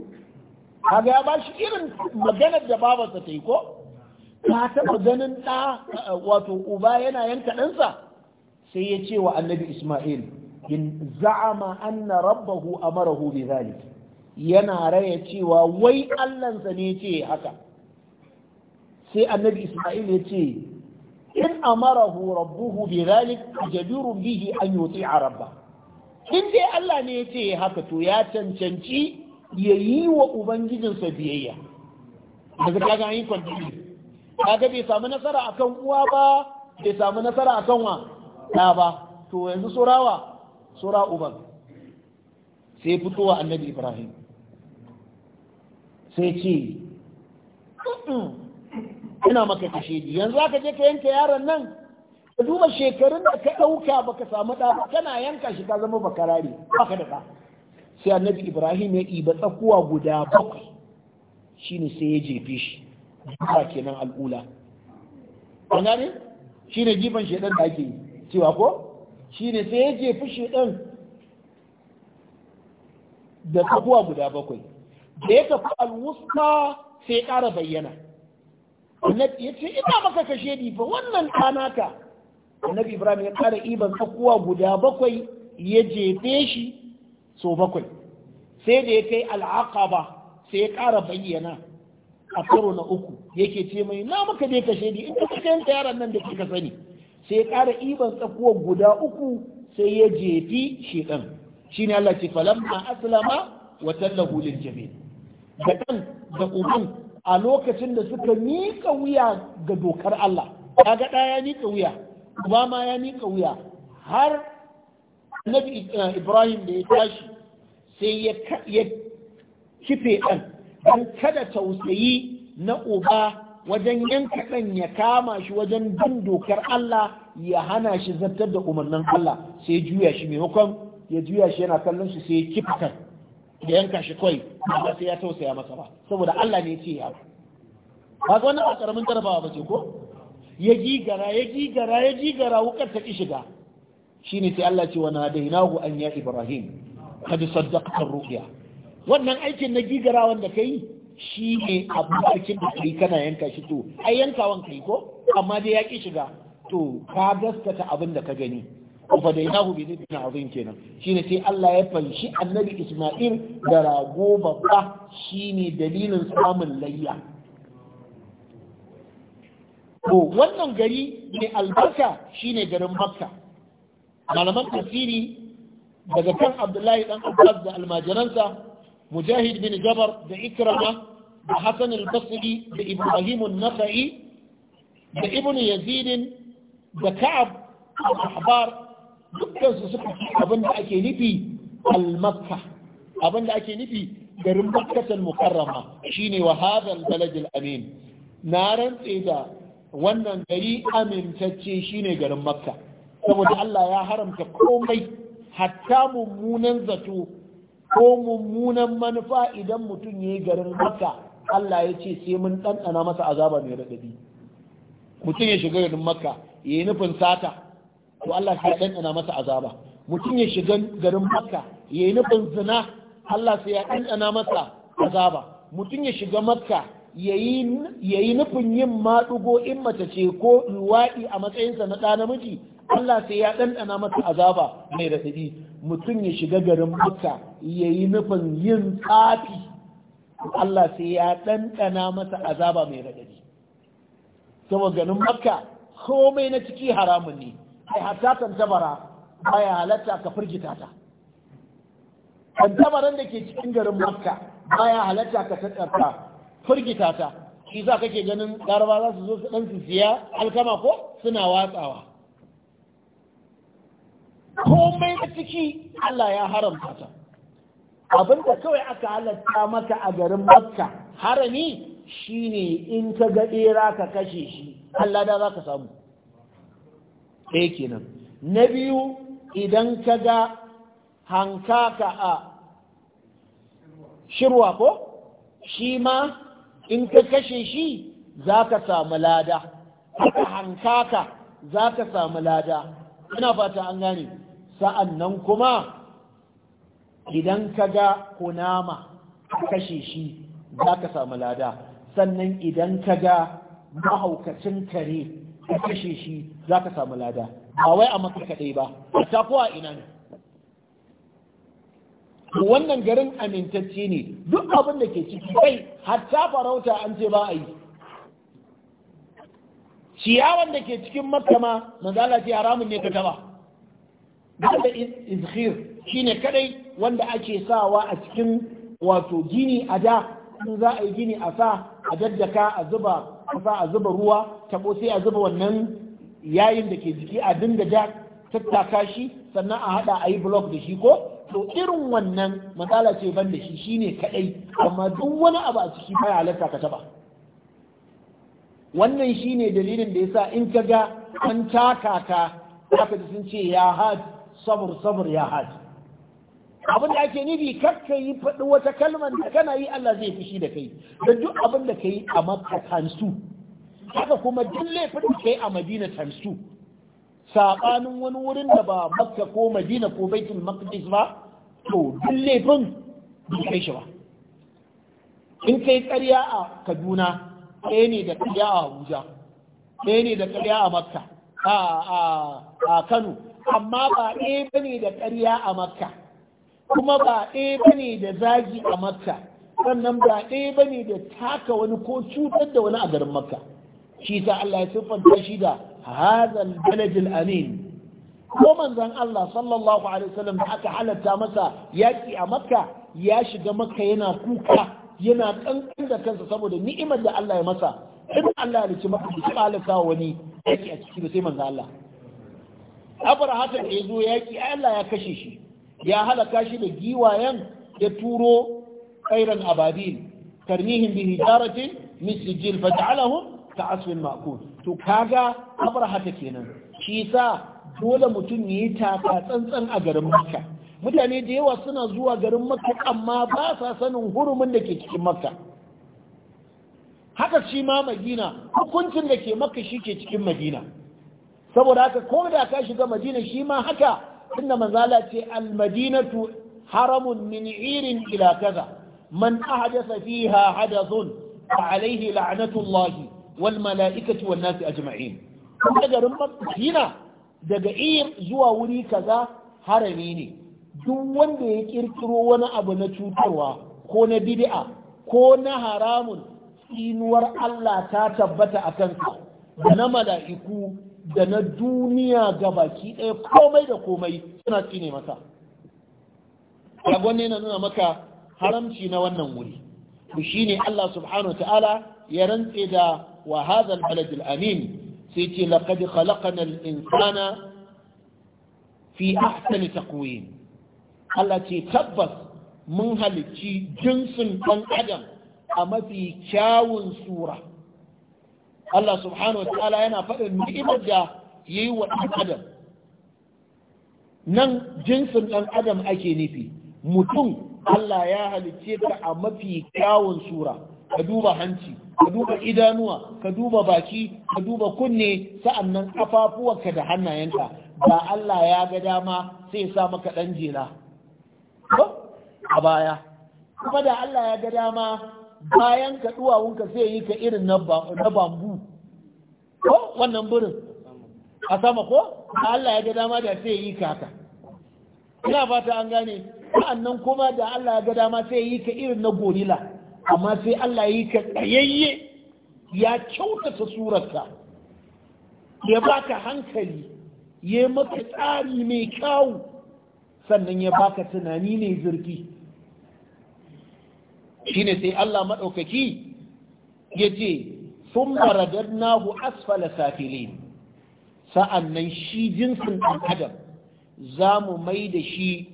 kaga ya bashi irin maganar da babarsa ta yi ko ka taɓa ganin ɗa wato uba yana yanka ɗansa sai ya ce wa annabi isma'il in za'ama anna rabbahu amarahu bi zalik yana raya cewa wai allansa ne ce haka sai annabi isma'il ya ce in amarahu rabbuhu bi zalik jadirun bihi an yuti'a rabba in dai Allah ne ya ce haka to ya cancanci ya yi wa ubangijinsa biyayya daga kaga an yi kwantini kaga bai samu nasara akan uwa ba bai samu nasara akan wa na ba to yanzu surawa sura uban sai fitowa annabi ibrahim sai ce ina maka kashe yanzu aka je ka yanke yaron nan ka duba shekarun da ka ɗauka baka samu ɗa kana yanka shi ka zama bakarari baka da ɗa sai annabi ibrahim ya ba tsakuwa guda bakwai shine sai ya jefe shi ba kenan al'ula an shi shine jifan shedan da ake yi cewa ko shine sai ya jefi shedan da tsakuwa guda bakwai da ya tafi alwusta sai ƙara bayyana annabi ya ce ina maka kashe ni ba wannan ɗanaka annabi ibrahim ya kara iban tsakuwa guda bakwai ya jefe shi so bakwai sai da ya kai al'aqaba sai ya kara bayyana a karo na uku yake ce mai na maka dai kashe ni in ka kashe yaran nan da kika sani sai ya kara iban tsakuwa guda uku sai ya jefi shi ɗan shi ne Allah ce falamma aslama wa tallahu lil jabin da ɗan da uban a lokacin da suka miƙa wuya ga dokar Allah kaga ɗaya miƙa wuya uba ya miƙa wuya har annabi ibrahim da ya tashi sai ya kife ɗan don kada tausayi na uba wajen yanka ɗan ya kama shi wajen bin dokar Allah ya hana shi zartar da umarnin Allah sai juya shi maimakon ya juya shi yana kallon shi sai ya kifta da yanka shi kawai ba sai ya tausaya masa ba saboda Allah ne ya ce ya ba Ba wannan a karamin jarabawa ba ce ko ya gigara ya gigara ya gigara wukar ta ki shiga shine sai Allah ce wa nadainahu an ya Ibrahim kad saddaqta Ruqya. wannan aikin na gigara wanda kai shi ne abu da da kai kana yanka shi to ai yankawan kai ko amma dai ya ki shiga to ka gaskata abin da ka gani fadainahu bi dhikrin azim kenan shine sai Allah ya fanshi annabi Isma'il da rago babba shine dalilin samun layya wannan gari mai albarka shine garin makka malaman tafsiri daga kan abdullahi dan abbas da almajiransa mujahid bin jabar da ikrama da hasan al-basri da ibrahim an-nakhai da ibnu yazid da ka'ab al-ahbar dukkan su suka ci abinda ake nufi al-makka ake nufi garin makkatul mukarrama shine wa hadha al-balad al-amin na rantse da wannan gari amintacce shine garin makka saboda Allah ya haramta komai hatta mummunan zato ko mummunan manufa idan mutum ya yi garin makka Allah ya ce sai mun ɗanɗana masa azaba mai raɗaɗi mutum ya shiga garin makka ya yi nufin sata to Allah sai ya ɗanɗana masa azaba mutum ya shiga garin makka ya yi nufin zina Allah sai ya ɗanɗana masa azaba mutum ya shiga makka yayi nufin yin maɗugo in mace ce ko ruwaɗi a matsayinsa na ɗa namiji Allah sai ya ɗanɗana masa azaba mai raɗaɗi mutum ya shiga garin makka yayi nufin yin tsafi Allah sai ya ɗanɗana masa azaba mai raɗaɗi saboda ganin makka komai na ciki haramun ne ai hatta tantabara baya halatta ka firgita ta tantabaran da ke cikin garin makka baya halatta ka tattara firgita ta shi za kake ganin laraba za su zo su ɗan siya alkama ko suna watsawa komai a ciki Allah ya haramta ta abinda kawai aka halatta maka a garin makka harami shi ne in ka ga ka kashe shi Allah da za ka samu ɗaya kenan na biyu idan ka ga hankaka a shirwa ko shi ma in ka kashe shi za ka samu lada haka hankaka za ka samu lada ina fata an gane sa'an nan kuma idan ka ga kunama ka kashe shi za ka samu lada sannan idan ka ga mahaukacin kare ka kashe shi za ka samu lada ba wai a maka kaɗai ba a ko ina ne wannan garin amintacce ne duk abin da ke ciki kai hatta farauta an ce ba a yi ciyawan da ke cikin makama mazala ce haramun ne ka taba da izhir shine kadai wanda ake sawa a cikin wato gini a da in za a yi gini a sa a daddaka a zuba kasa a zuba ruwa tabo sai a zuba wannan yayin da ke jiki a dinga da tattaka shi sannan a hada a yi block da shi ko to irin wannan matsala ce ban da shi shine kaɗai. amma duk wani abu a ciki baya halarta ka taba wannan shine dalilin da yasa in ka ga an taka ka zaka sun ce ya had sabr sabr ya had abin da ake nufi kakka yi faɗi wata kalmar da kana yi Allah zai fushi da kai da duk abin da ka yi a makka tansu haka kuma duk laifin da ka yi a madina tansu saɓanin wani wurin da ba makka ko madina ko baitul maqdis ba to duk laifin bai kai shi ba in kai karya a kaduna ɗaya ne da karya a abuja ɗaya ne da karya a makka a kano amma ba ɗaya ba ne da karya a makka kuma ba ɗaya ba ne da zagi a makka sannan ba ɗaya ba ne da taka wani ko cutar da wani a garin makka shi ta Allah ya siffanta shi da hazal baladil amin ko Manzan Allah sallallahu alaihi wasallam da aka halatta masa yaƙi a makka ya shiga makka yana kuka yana kankan da kansa saboda ni'imar da Allah ya masa in Allah ya rike maka shi halatta wani yaƙi a ciki sai manzon Allah Abraha da ya zo yaki Allah ya kashe shi ya halaka shi da giwayen ya turo khairan ababil tarmihim bi hijaratin min sijil faj'alahum ka'asfin ma'kul to kaga Abraha kenan shi sa dole mutum ya yi taka tsantsan a garin makka mutane da yawa suna zuwa garin makka amma ba sa sanin hurumin da ke cikin makka haka shi ma madina hukuncin da ke makka shi ke cikin madina saboda haka ko da ka shiga madina shi ma haka inda manzala ce almadinatu haramun min irin ila kaza man ahdasa fiha hadathun fa alayhi la'natullahi wal mala'ikati wan nasi ajma'in kuma garin madina daga ir zuwa wuri kaza harami ne duk wanda ya kirkiro wani abu na cutarwa ko na bid'a ko na haramun tsinuwar Allah ta tabbata a kansa da na mala'iku da na duniya ga baki ɗaya komai da komai suna tsine masa ne na nuna maka haramci na wannan wuri to shine Allah subhanahu wa ta'ala ya rantse da wa hadha al amin sai ce laqad khalaqana insana fi ahsani taqwim Allah ce tabbas mun halicci jinsin ɗan adam a mafi kyawun sura Allah subhanahu wa ta'ala yana faɗin ni'imar da ya yi wa ɗan adam nan jinsin ɗan adam ake nufi mutum Allah ya halicce ka a mafi kyawun sura ka duba hanci ka duba idanuwa ka duba baki ka duba kunne sa'annan kafafuwanka da hannayenka ba Allah ya ga dama sai ya sa maka dan jela a baya kuma da Allah ya ga dama bayan ka duwawunka sai yi ka irin na bambu ko wannan burin a sama ko Allah ya ga dama da sai yi ka haka ina fata an gane sa'annan kuma da Allah ya ga dama sai yi ka irin na gorila amma sai Allah yi ka tsayayye ya kyautata surarka ya baka hankali ya maka tsari mai kyawu sannan ya baka tunani mai zurfi shine sai Allah maɗaukaki ya ce sun maradar nahu asfala safilin nan shi jinsin ɗan adam za mu mai da shi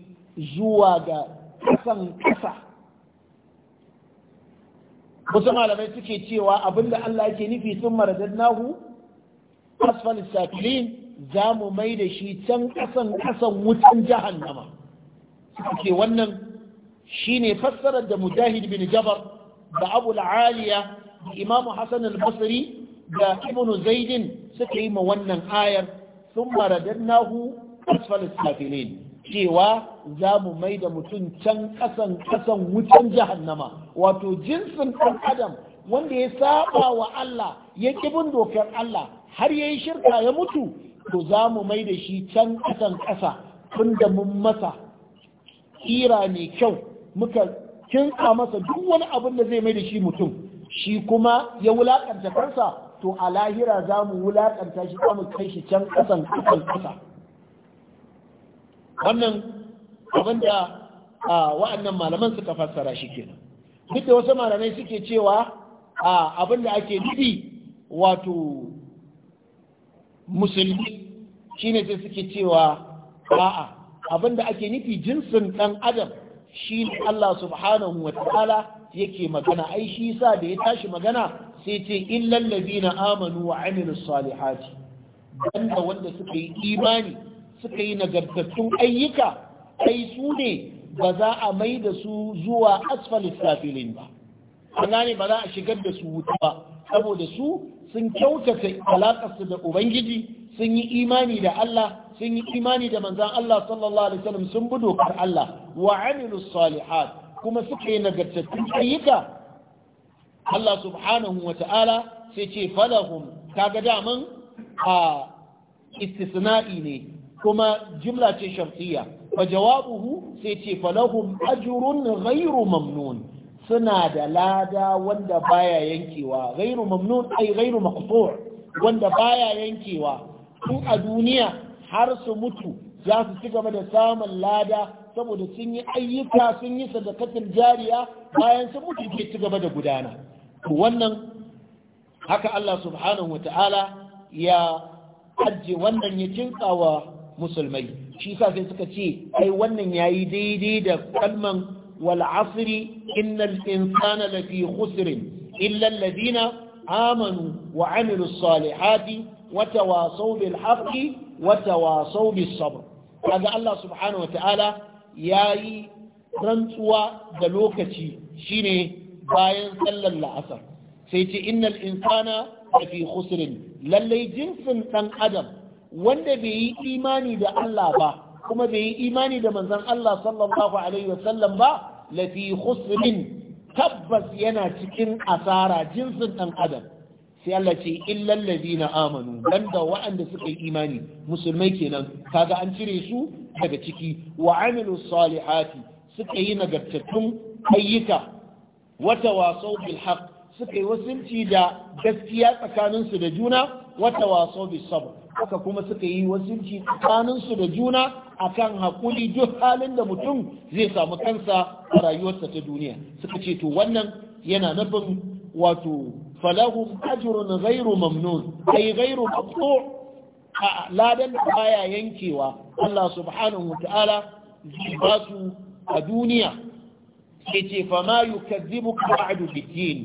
zuwa ga ƙasan ƙasa wasu malamai suke cewa abinda Allah yake nufi sun maradadnahu asfal sakilin za mu mai da shi can ƙasan ƙasan wutan jahannama suke wannan shine fassarar da mujahid bin jabar da abu aliya da Imam hassan al-basri da ibnu zaidin suka yi ma wannan ayar sun maradadnahu asfal sakilin cewa za mu mai da mutum can ƙasan ƙasan wutan jahannama wato jinsin ɗan adam wanda ya saba wa Allah ya bin dokar Allah har ya yi shirka ya mutu to za mu mai da shi can ƙasan ƙasa tunda mun masa tsira mai kyau muka kinka masa duk wani abin da zai mai da shi mutum shi kuma ya wulaƙanta kansa to a lahira za mu wulaƙanta shi kuma kai shi can ƙasan ƙasan ƙasa wannan abin da wa'annan malaman suka fassara shi kenan duk da wasu malamai suke cewa abin da ake nufi wato musulmi shine sai suke cewa a'a abin da ake nufi jinsin ɗan adam shi ne Allah subhanahu wa ta'ala yake magana ai shi sa da ya tashi magana sai ce illal na amanu wa amilus salihati banda wanda suka yi imani suka yi nagartattun ayyuka ai su ne ba za a mai da su zuwa asfalis safilin ba an gane ba za a shigar da su wuta ba saboda su sun kyautata alaƙarsu da ubangiji sun yi imani da Allah sun yi imani da manzan Allah sallallahu alaihi wasallam sun bi dokar Allah wa amilu salihat kuma suka yi nagartattun ayyuka Allah subhanahu wa ta'ala sai ce falahum kaga daman a istisna'i ne kuma jimla ce shartiyya fa jawabuhu sai ce falahum ajrun ghairu mamnun suna da lada wanda baya yankewa ghairu mamnun ai ghairu maqtu' wanda baya yankewa tun a duniya har su mutu za su ci gaba da samun lada saboda sun yi ayyuka sun yi sadakatin jariya bayan sun mutu ke ci gaba da gudana wannan haka Allah subhanahu wa ta'ala ya ajiye wannan ya cinka wa musulmai shi sa sai suka ce ai wannan yayi daidai da kalman wal asri innal insana lafi khusrin illa alladhina amanu wa amilus salihati wa tawasaw bil haqqi wa tawasaw bis sabr kaga Allah subhanahu wataala yayi rantsuwa da lokaci shine bayan sallar la'asar sai ce innal insana lafi khusrin lallai jinsin dan adam wanda bai yi imani da Allah ba kuma bai yi imani da manzon Allah sallallahu alaihi wasallam ba lafi khusrin tabbas yana cikin asara jinsin ɗan adam sai Allah ce illal na amanu dan da waɗanda suka yi imani musulmai kenan kaga an cire su daga ciki wa amilu salihati suka yi nagartattun ayyuka wata wasau bil haqq suka yi wasinci da gaskiya tsakaninsu da juna wata wasau bil sabr haka kuma suka yi wasunci tsakaninsu da juna akan hakuri duk halin da mutum zai samu kansa a rayuwarsa ta duniya suka ce to wannan yana nufin wato falahum ajrun ghairu mamnun ay ghairu maqtu' ladan baya yankewa Allah subhanahu wataala zai ba su a duniya yace fa ma yukazzibuka ba'du bid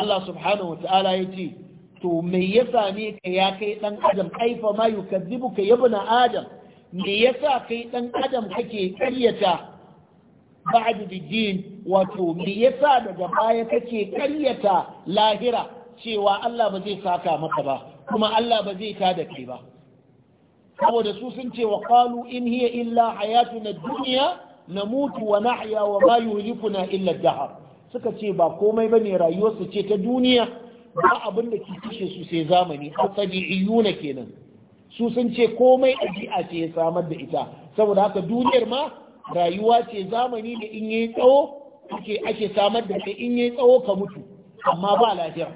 Allah subhanahu wataala yace to me yasa same ka ya kai dan adam kaifa ma yukadzibuka ka ibn adam me yasa kai dan adam kake karyata ba'd bidin wato me yasa daga baya kake karyata lahira cewa Allah ba zai saka maka ba kuma Allah ba zai tada kai ba saboda su sun ce wa qalu in hiya illa hayatuna dunya namutu wa nahya wa ma yuhlikuna illa dahar suka ce ba komai bane rayuwarsu ce ta duniya ba abin da ke kishe su sai zamani tabi'iyuna kenan su sun ce komai ajiya ce ya samar da ita saboda haka duniyar ma rayuwa ce zamani da in yi tsawo ake ake samar da ta in yi tsawo ka mutu amma ba lafiya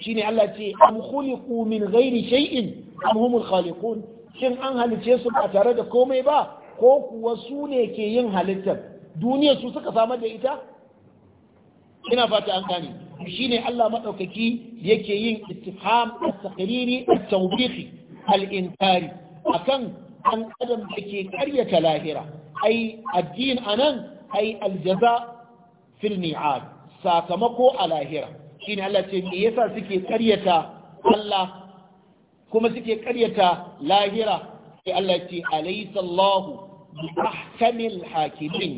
shine Allah ce am khuliqu min ghairi shay'in am humul khaliqun shin an halice su ba tare da komai ba ko kuwa su ne ke yin halittar duniyar su suka samar da ita ina fata an gane shine Allah madaukaki yake yin ittiham at-taqriri at-tawbihi al-inkari akan an adam dake karyata lahira ai addin anan ai al-jaza fil sakamako a lahira shine Allah ce me yasa suke karyata Allah kuma suke karyata lahira sai Allah ce alaysa Allahu bi ahkamil hakimin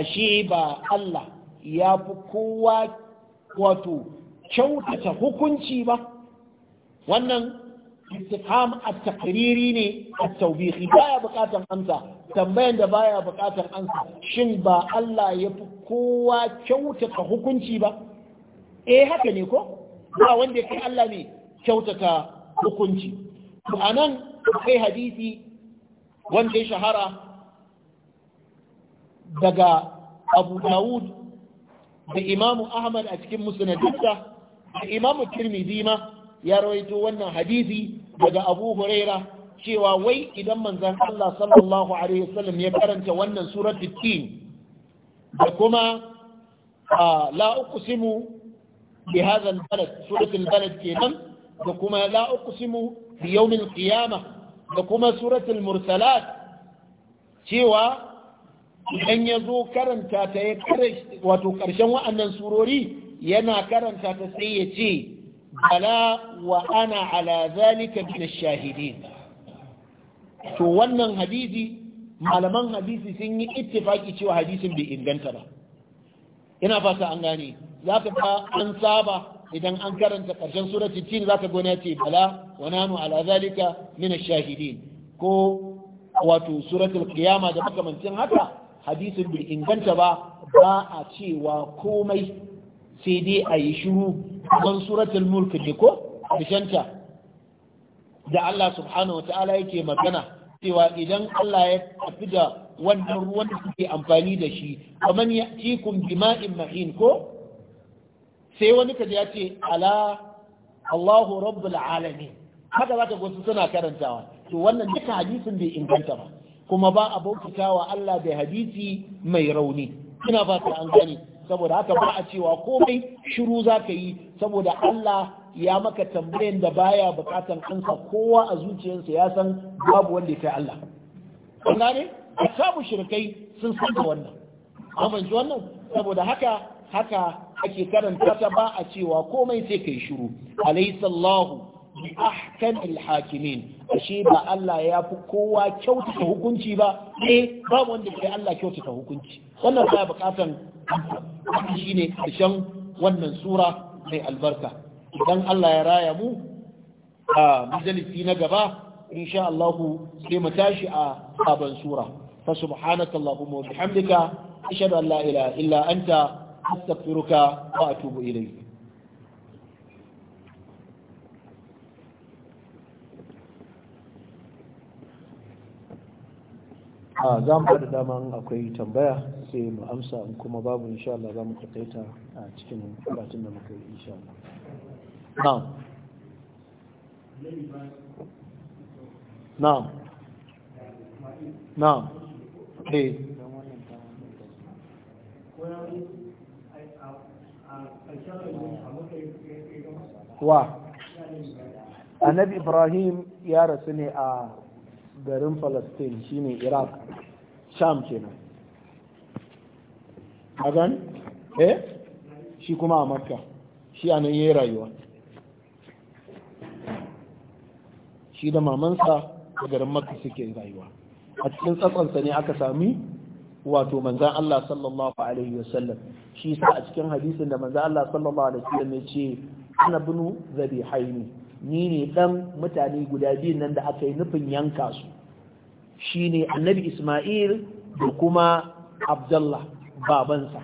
ashe ba Allah ya fi kowa wato kyautata hukunci ba wannan istifham a taqriri ne at Ba baya bukatan amsa tambayan da baya bukatan amsa shin ba Allah ya fi kowa kyautata hukunci ba E haka ne ko ba wanda kai Allah ne kyautata hukunci to anan akwai hadisi wanda ya shahara daga Abu Dawud da imamu ahmad a cikin musnadinsa da imamu tirmidhi ma ya rawaito wannan hadisi daga abu huraira cewa wai idan manzon Allah sallallahu alaihi wasallam ya karanta wannan suratul tin da kuma la uqsimu bi hadha al-balad suratul balad kenan da kuma la uqsimu bi yawm da kuma suratul mursalat cewa idan ya zo karanta ta ya wato ƙarshen wa'annan surori yana karanta ta sai ya ce bala wa ana ala zalika bin shahidin to wannan hadisi malaman hadisi sun yi ittifaki cewa hadisin bai inganta ba ina fasa an gane za ka fa an saba idan an karanta ƙarshen surati tin za ka gona ce bala wa nanu ala zalika min shahidin ko wato suratul qiyama da makamancin haka hadisin bai inganta ba ba a cewa komai sai dai a yi shiru don suratul mulk ne ko ƙarshenta da Allah subhanahu wa ta'ala yake magana cewa idan Allah ya tafi da wannan ruwan da suke amfani da shi kamar ya cikin bima'in mahin ko sai wani kaji ya ce ala Allahu rabbul alamin haka za ka wasu suna karantawa to wannan duka hadisin bai inganta ba kuma ba a bautata wa Allah da hadisi mai rauni ina fata an gani saboda haka ba a cewa komai shiru za ka yi saboda Allah ya maka tambayen da baya bukatan kansa kowa a zuciyarsa ya san babu wanda ya Allah an gane samu shirkai sun san da wannan an wannan saboda haka haka ake karanta ta ba a cewa komai sai kai shiru alayhi bi ilhakimin hakimin ashe ba Allah ya fi kowa kyautata hukunci ba eh babu wanda ke Allah kyautata hukunci wannan ba bukatan shine karshen wannan sura mai albarka idan Allah ya raya mu a majalisi na gaba insha Allah sai mu tashi a sabon sura fa subhanaka allahumma wa bihamdika ashhadu an la ilaha illa anta astaghfiruka wa atubu ilayk a za mu da dama akwai tambaya sai mu amsa in kuma babu insha Allah za mu takaita a cikin karatun da muka yi insha Allah na'am na'am na'am eh wa annabi ibrahim ya rasu ne a garin palestine shine iraq sham kenan agan eh shi kuma a makka shi a nan yi rayuwa shi da mamansa a garin makka suke rayuwa a cikin tsatsansa ne aka sami wato manzan Allah sallallahu alaihi wasallam shi sa a cikin hadisin da manzan Allah sallallahu alaihi wasallam ya ce ana binu zabi haini ni ne dan mutane guda biyu nan da aka yi nufin yanka su Shi ne annabi Ismail da kuma Abdullah babansa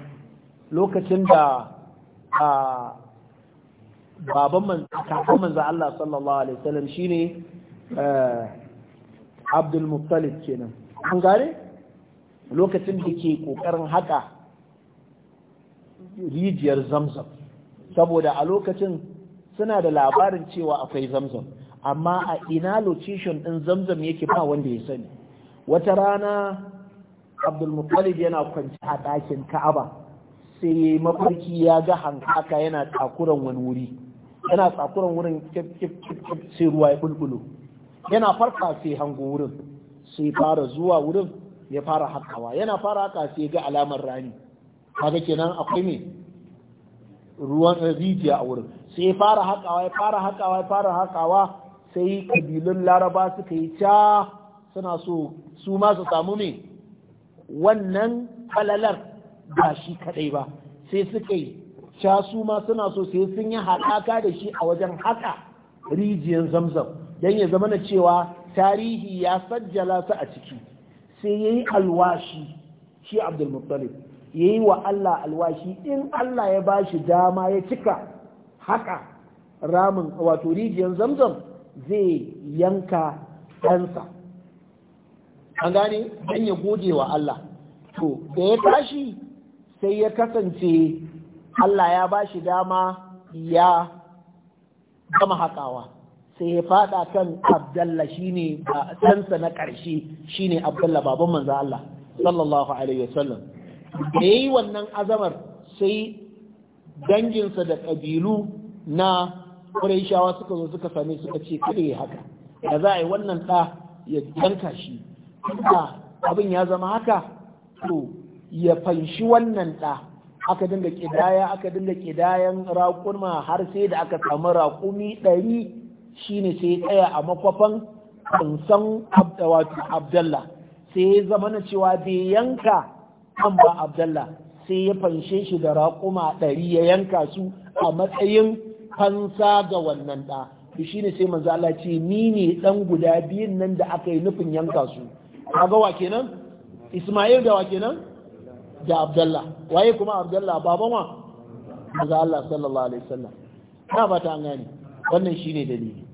lokacin da a baban kakan manzo Allah sallallahu alaihi wasallam shine Abdul Muttalib kenan an gare lokacin da ke kokarin haka rijiyar Zamzam saboda a lokacin suna da labarin cewa akwai zamzam amma a ina location din zamzam yake ba wanda ya sani wata rana abdulmuttalib yana kwanci a ɗakin ka'aba sai ya yi mafarki ya ga hankaka yana tsakuran wani wuri yana tsakuran wurin sai ruwa ya bulbulo yana farka sai hango wurin sai fara zuwa wurin ya fara hakawa yana fara haka sai ga alamar rani kaga kenan akwai me ruwan rijiya a wurin sai fara hakawa ya fara hakawa ya fara hakawa sai ƙabilun laraba suka yi ca suna so su ma su samu ne wannan falalar ba shi kadai ba sai suka yi ca su ma suna so sai sun yi haɗaka da shi a wajen haƙa rijiyar zamzam don ya zama na cewa tarihi ya sajjala su a ciki sai ya yi alwashi shi abdulmuttalib ya yi wa Allah alwashi in Allah ya ba shi dama ya cika haka ramin wato rijiyar zamzam zai yanka ɗansa an gane don ya gode wa Allah to da ya tashi sai ya kasance Allah ya ba shi dama ya gama haƙawa sai ya faɗa kan abdalla shine ɗansa na ƙarshe shine abdalla baban manza Allah sallallahu alaihi wasallam da yi wannan azamar sai danginsa da ƙabilu na shawa suka zo suka same suka ce kada ya haka da za a yi wannan ɗa ya yanka shi da abin ya zama haka to ya fanshi wannan ɗa aka dinga ƙidaya aka dinga ƙidayan raƙuma har sai da aka samu raƙumi ɗari shine sai ya tsaya a makwafan fansan abdallah sai ya zama na cewa bai yanka an ba abdallah sai ya fanshe shi da raƙuma ɗari ya yanka su a matsayin kansa ga wannan ɗa to shine sai manzo Allah ce ni ne dan guda biyun nan da aka yi nufin yanka su kaga wa kenan Ismail da wa kenan da Abdullah waye kuma Abdullah baban wa manzo Allah sallallahu alaihi wasallam na ba ta gani. wannan shine dalili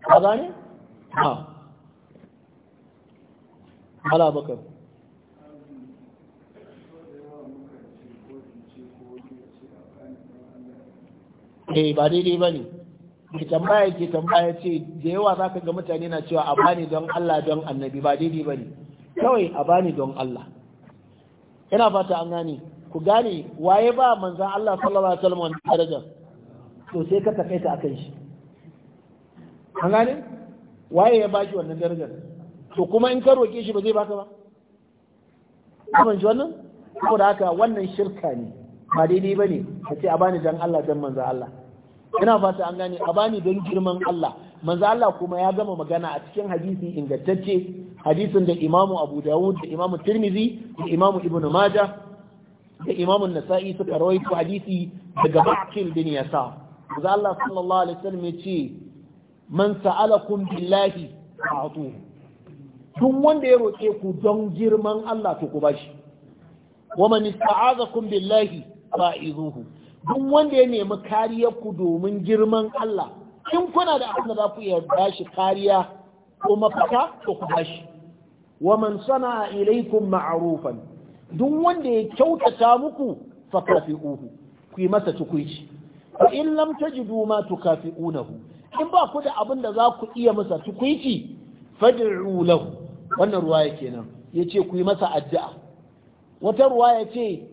ka gane ha Allah bakar eh ba daidai ba ne ki tambaya ke tambaya ce da yawa za ka ga mutane na cewa a bani don Allah don annabi ba daidai ba ne kawai a bani don Allah ina fata an gane ku gane waye ba manzan Allah sallallahu alaihi wasallam wannan daraja to sai ka takaita akan shi an gane waye ya baki wannan darajar to kuma in ka roke shi ba zai baka ba kuma ji wannan saboda haka wannan shirka ne ba daidai ne ka ce a bani don Allah don manzan Allah ina fata an gane a bani don girman Allah manzo Allah kuma ya gama magana a cikin hadisi ingantacce hadisin da Imam Abu Dawud da Imam Tirmidhi da Imam Ibn Majah da Imam An-Nasa'i suka rawaito hadisi daga bakin duniya sa. manzo Allah sallallahu alaihi wasallam yace man sa'alakum billahi fa'tuhu Tun wanda ya roke ku don girman Allah to ku bashi wa man ista'azakum billahi fa'izuhu duk wanda ya nemi kariyar ku domin girman Allah in kuna da abin da za ku iya shi kariya ko mafaka ko ku bashi wa man sana ilaikum ma'rufan duk wanda ya kyautata muku fakafi'uhu ku yi masa tukuici fa in lam tajidu ma tukafi'unahu in ba ku da abin da za ku iya masa tukuici fad'u lahu wannan ruwaya kenan yace ku yi masa addu'a wata ruwaya ce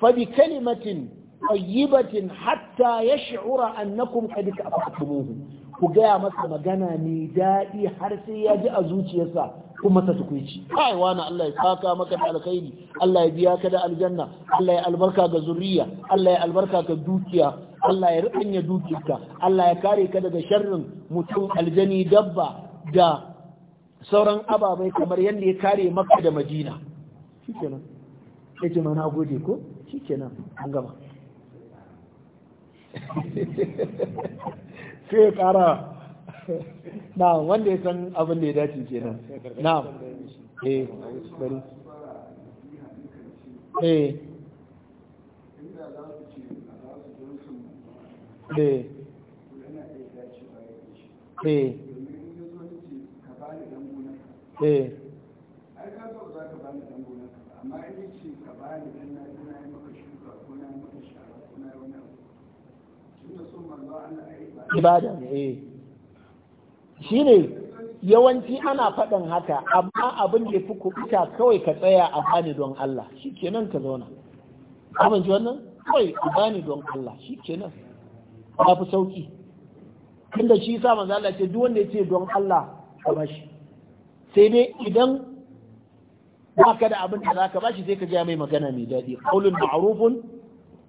fa bi kalimatin tayyibatin hatta yash'ura annakum qad kafatumuhu ku gaya masa magana ne daɗi har sai ya ji a zuciyarsa kuma ta tukuici kai wani Allah ya saka maka da alkhairi Allah ya biya ka da aljanna Allah ya albarka ga zuriya Allah ya albarka ga dukiya Allah ya rubanya dukiyarka Allah ya kare ka daga sharrin mutum aljani dabba da sauran ababai kamar yadda ya kare maka da Madina shikenan yace mana gode ko shikenan an gama sai ya kara na wanda ya san abin da ya dace kenan na eh bari eh eh eh eh ibada ne eh shine yawanci ana faɗin haka amma abin da fi kubuta kawai ka tsaya a bani don Allah shikenan ka zauna abin ji wannan kawai a bani don Allah shikenan ba fi sauki tunda shi sa manzo Allah ce duk wanda yace don Allah ka bashi sai dai idan baka da abin da zaka bashi sai ka ga mai magana mai daɗi qaulun ma'rufun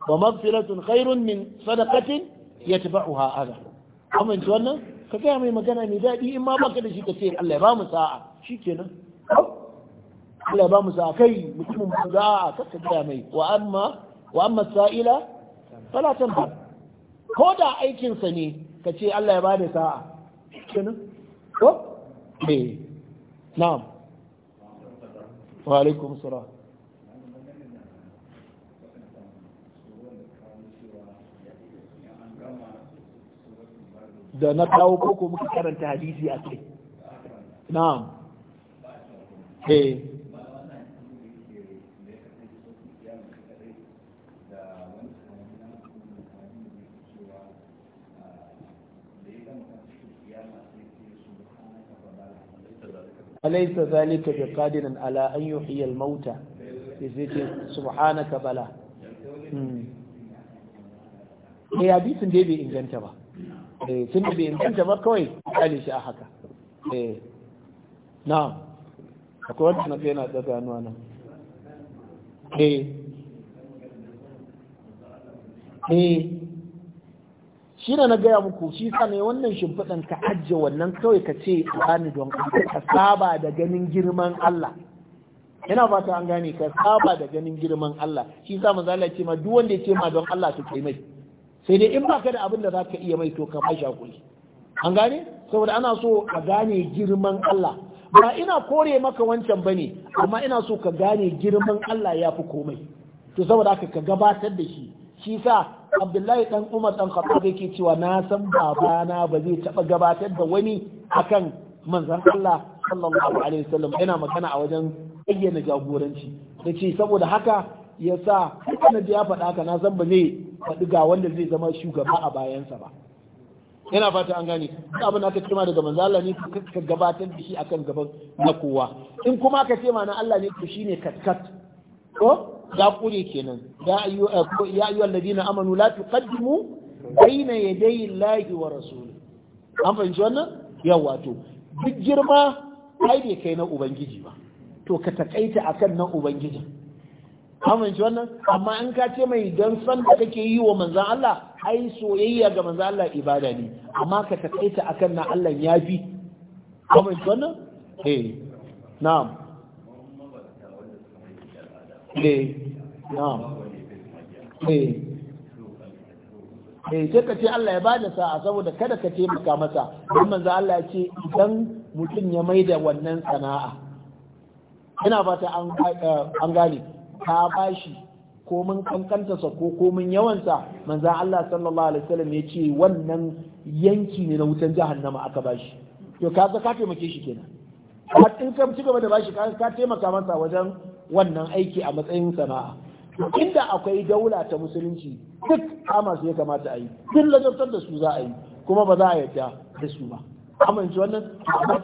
wa maghfiratun khairun min sadaqatin ya tabi'uha adha amince wannan ka gaya mai magana mai daɗi in ma baka da shi ka ce Allah ya ba mu sa'a Shi kenan Allah ya ba mu sa'a kai mutumin za'a ka ka gaya mai wa amma wa amma sa'ila fala ba ko da aikinsa ne ka ce Allah ya ba da sa'a kenan ko eh na'am wa alaikum salam da na dawo koko muka karanta hadisi a kai na'am eh أليس ذلك بقادر على أن يحيى الموتى إذ سبحانك بلا يا بيت دي بي إن جنتبه Eh, tun da bai ba kawai kare shi a haka eh, na akwai wanda na kai na daga nuwa nan eh eh shi na gaya muku shi sa wannan shimfiɗan ka ajiye wannan kawai ka ce bani don ka saba da ganin girman Allah yana fata an gane ka saba da ganin girman Allah shi sa manzo ce ma duk wanda ya ce ma don Allah su kai mai sai dai in baka da abin da zaka ka iya mai to ka bashi hakuri an gane saboda ana so a gane girman Allah ba ina kore maka wancan bane amma ina so ka gane girman Allah ya fi komai to saboda haka ka gabatar da shi shi sa Abdullahi dan Umar dan Khattab yake cewa na san babana ba zai taba gabatar da wani akan manzon Allah sallallahu alaihi wasallam Ina magana a wajen ayyana jagoranci yace saboda haka ya sa na ya faɗa ka na san ba zai faɗi ga wanda zai zama shugaba a bayansa ba yana fata an gane duk abin da aka cima daga manzo Allah ne ka gabatar da shi akan gaban na kowa in kuma ka ce ma na Allah ne to shine katkat ko da kure kenan Ya ayyu eh, ko ya ayyu alladina amanu la tuqaddimu bayna yaday Allahi wa rasuli an fahimci wannan yawa to duk girma ai bai kai na ubangiji ba to ka takaita akan na Ubangiji. amince wannan amma in ka ce mai don san da kake yi wa manzan Allah ai soyayya ga manzan Allah ibada ne amma ka takaita akan na Allah ya fi amince wannan eh na'am eh na'am eh eh sai ka ce Allah ya bada sa'a saboda kada ka ce maka masa don manzan Allah ya ce idan mutum ya maida wannan sana'a ina fata an gane ka mun kankanta sa ko mun yawansa manzan Allah sallallahu alaihi wasallam ya ce wannan yanki ne na wutan jahannama aka ba shi. to ka ga ka taimake shi kenan har in ka ci gaba da bashi ka ka taimaka masa wajen wannan aiki a matsayin sana'a inda akwai daula ta musulunci duk kama su ya kamata a yi duk lajabtar da su za a yi kuma ba za a yarda da su ba amince wannan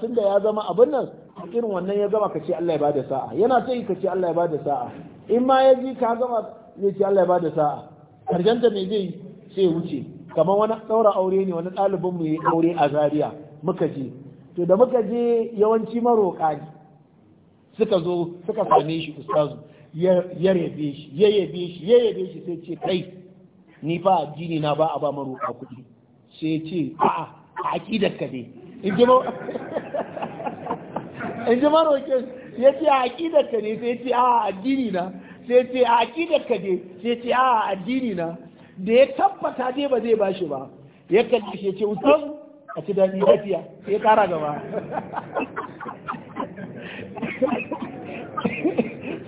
tun da ya zama abin nan irin wannan ya gama ka ce Allah ya bada sa'a yana sai ka ce Allah ya bada sa'a in ma ya ji ka gama zai ce Allah ya bada sa'a karshen ta me zai sai wuce kamar wani tsaura aure ne wani ɗalibin mu yi aure a zariya muka je to da muka je yawanci maroƙa ne suka zo suka same shi ustazu ya yabe shi ya yabe shi ya yabe shi sai ce kai ni fa addini na ba a ba maroƙa kuɗi sai ce a'a a aqidar ka ne in ji maroƙin ya ce a aƙidarka ne sai ce a addini na sai ce a aƙidarka ne sai ce a addini na da ya tabbata dai ba zai bashi ba ya kalli shi ce ustaz a ci daɗi lafiya sai ya ƙara gaba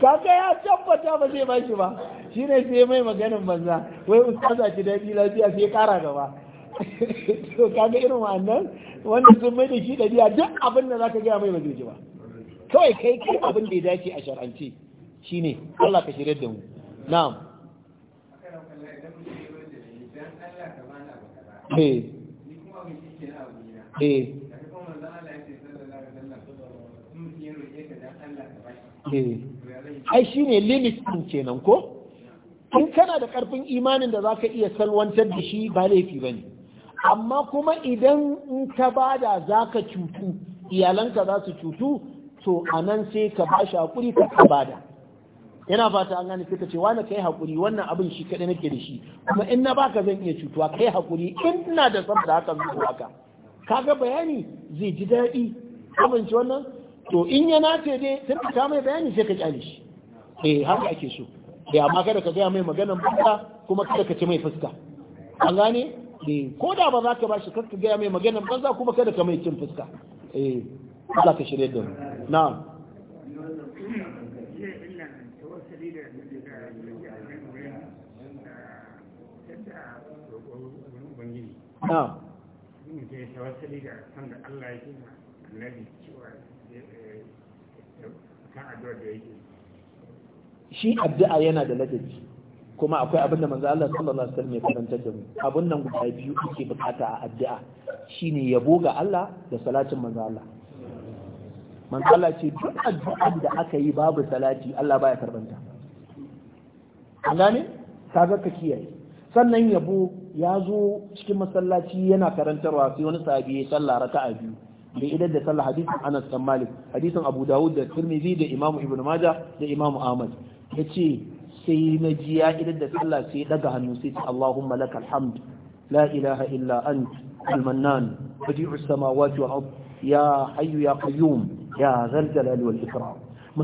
kaka ya tabbata ba zai bashi ba shi ne sai mai maganin banza wai ustaz a ci daɗi lafiya sai ya ƙara gaba to kaga irin wannan wanda sun mai da shi ɗabi'a duk abin da za ka gaya mai ba zai ji ba kawai kai kai abin da ya dace a shar'ance shine Allah ka shirye da mu na'am eh, eh. eh. ai shi ne limit ɗin kenan ko in kana da ƙarfin imanin da za ka iya salwantar da shi ba laifi ba ne amma kuma idan in ka bada za ka cutu iyalanka za su cutu to a nan sai ka ba shi haƙuri ka bada yana fata an gane sai ka ce wani kai haƙuri wannan abin shi kaɗai nake da shi kuma in na baka zan iya cutuwa kai haƙuri in ina da san da haka zuwa haka kaga bayani zai ji daɗi abinci wannan to in ya nace dai sai ka mai bayani sai ka kyale shi eh haka ake so eh amma kada ka gaya mai maganan fuska kuma kada ka ci mai fuska an gane eh ko da ba za ka ba shi kar ka gaya mai maganan banza kuma kada ka mai cin fuska eh Allah ka shirya da mu na'am da Allah kan da shi addu'a yana da ladabi kuma akwai abinda manzo Allah sallallahu alaihi wasallam ya karanta da mu Abun nan guda biyu ake bukata a addu'a shine yabo ga Allah da salatin manzo Allah man Allah ce duk addua da aka yi babu salati Allah baya karbanta an gane kaga ka kiyaye sannan yabo ya zo cikin masallaci yana karantarwa sai wani sahabi ya sallah raka'a biyu da idan da sallah hadisin Anas bin Malik hadisin Abu Dawud da Tirmidhi da Imam Ibn Majah da Imam Ahmad yace sai na ji ya idan da sallah sai daga hannu sai ce Allahumma lakal hamd la ilaha illa ant al-mannan badi'us samawati wal ard ya hayyu ya qayyum ya zal jalali wal ikram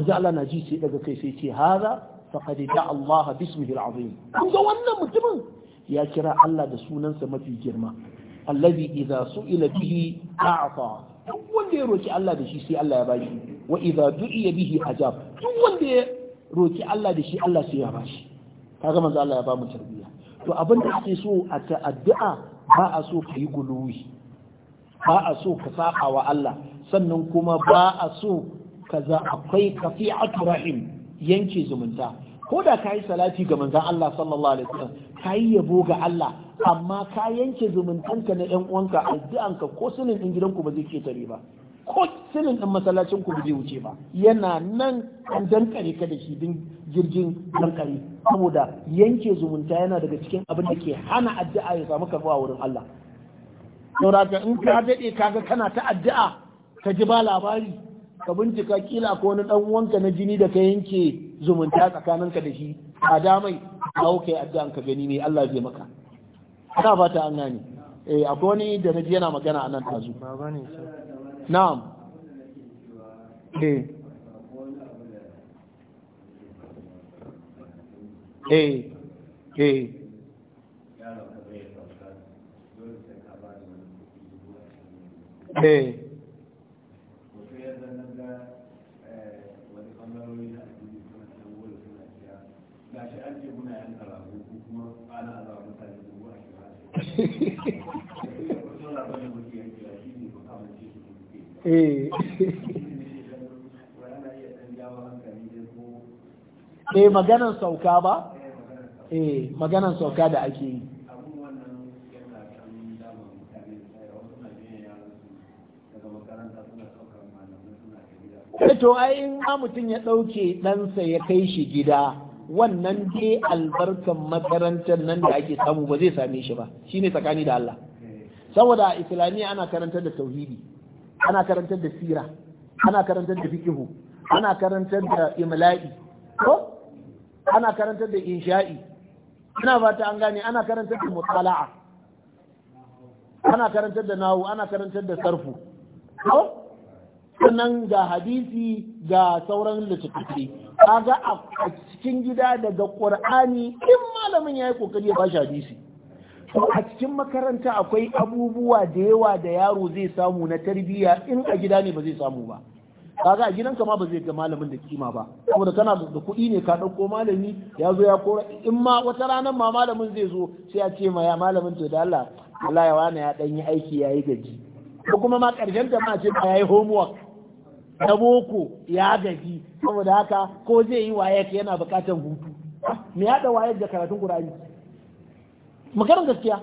Allah na ji sai daga kai sai ce haza faqad da'a Allah bismihi al-azim kun wannan mutumin ya kira Allah da sunansa mafi girma allazi idza su'ila bihi a'ta duk wanda ya roki Allah da shi sai Allah ya bashi wa idza du'iya bihi ajab duk wanda ya roki Allah da shi Allah sai ya bashi Allah ya ba mu tarbiyya to abin da ake so a ta'addu'a ba a so ka yi guluwi ba a so ka saba wa Allah sannan kuma ba a so kaza akwai a rahim yanke zumunta ko da ka yi salati ga manzan Allah sallallahu alaihi wasallam ka yi yabo ga Allah amma ka yanke zumuntanka na yan uwanka addu'anka ko sunan ɗin gidanku ba zai ketare ba ko sunan ɗin masallacin ku ba zai wuce ba yana nan an dankare ka da shi din jirgin dankare saboda yanke zumunta yana daga cikin abin da ke hana addu'a ya samu karɓa wurin Allah saboda in ka daɗe kaga kana ta addu'a ka ji ba labari ka bincika kila ko wani dan uwanka na jini da ka yanke zumunta tsakaninka da shi a damai kawo kai addu'an ka gani ne Allah zai maka ina fata an gane eh akwai wani da naji yana magana a nan tazu na'am eh eh eh eh Eh. eh maganan sauka ba eh maganan sauka da ake yi suna, suna daga to ai in mutum ya ɗauke ɗansa ya kai shi gida wannan dai albarkan makarantar nan da ake samu ba zai same shi ba Shi ne tsakani da Allah saboda a islamiyya ana karantar da tauhidi ana karantar da sira ana karantar da fikihu ana karantar da imla'i ko ana karantar da insha'i ina fata an gane ana karantar da mutala'a ana karantar da nawu ana karantar da sarfu ko sannan ga hadisi ga sauran littattafai kaga a cikin gida daga qur'ani in malamin yayi kokari ya bashi hadisi to a cikin makaranta akwai abubuwa da yawa da yaro zai samu na tarbiyya in a gida ne ba zai samu ba kaga a gidanka ma ba zai ga malamin da kima ba saboda kana da kuɗi ne ka ɗauko malami ya zo ya kora in ma wata ranar ma malamin zai zo sai ya ce ma ya malamin to da Allah Allah ya wani ya ɗan yi aiki ya yi gaji ko kuma ma karshen ta ma ce ba ya yi homework na boko ya gaji saboda haka ko zai yi waye yana bukatar hutu me haɗa waye da karatun ƙur'ani maganar gaskiya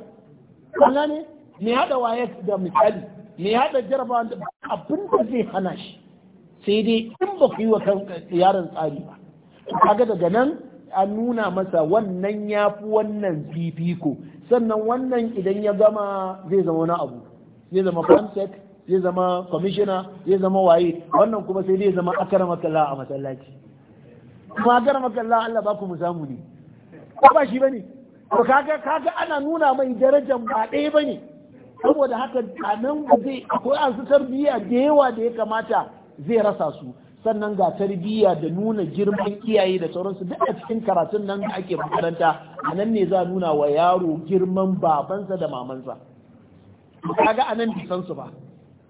kana ne me haɗa waye da misali me haɗa jarabawa abin da zai hana shi sai dai in ba ku yi wa yaron tsari ba kaga daga nan an nuna masa wannan yafi wannan fifiko sannan wannan idan ya gama zai zama wani abu zai zama fansek zai zama kwamishina zai zama waye wannan kuma sai zai zama akara makalla a masallaci kuma akarama Allah ba ku mu samu ne ko ba shi bane Ko kaga kaga ana nuna mai darajar ba ɗaya bane saboda haka a nan zai akwai su tarbiyya da yawa da ya kamata zai rasa su sannan ga tarbiyya da nuna girman iyaye da sauransu duk a cikin karatun nan da ake makaranta a ne za nuna wa yaro girman babansa da mamansa kaga ga anan bai su ba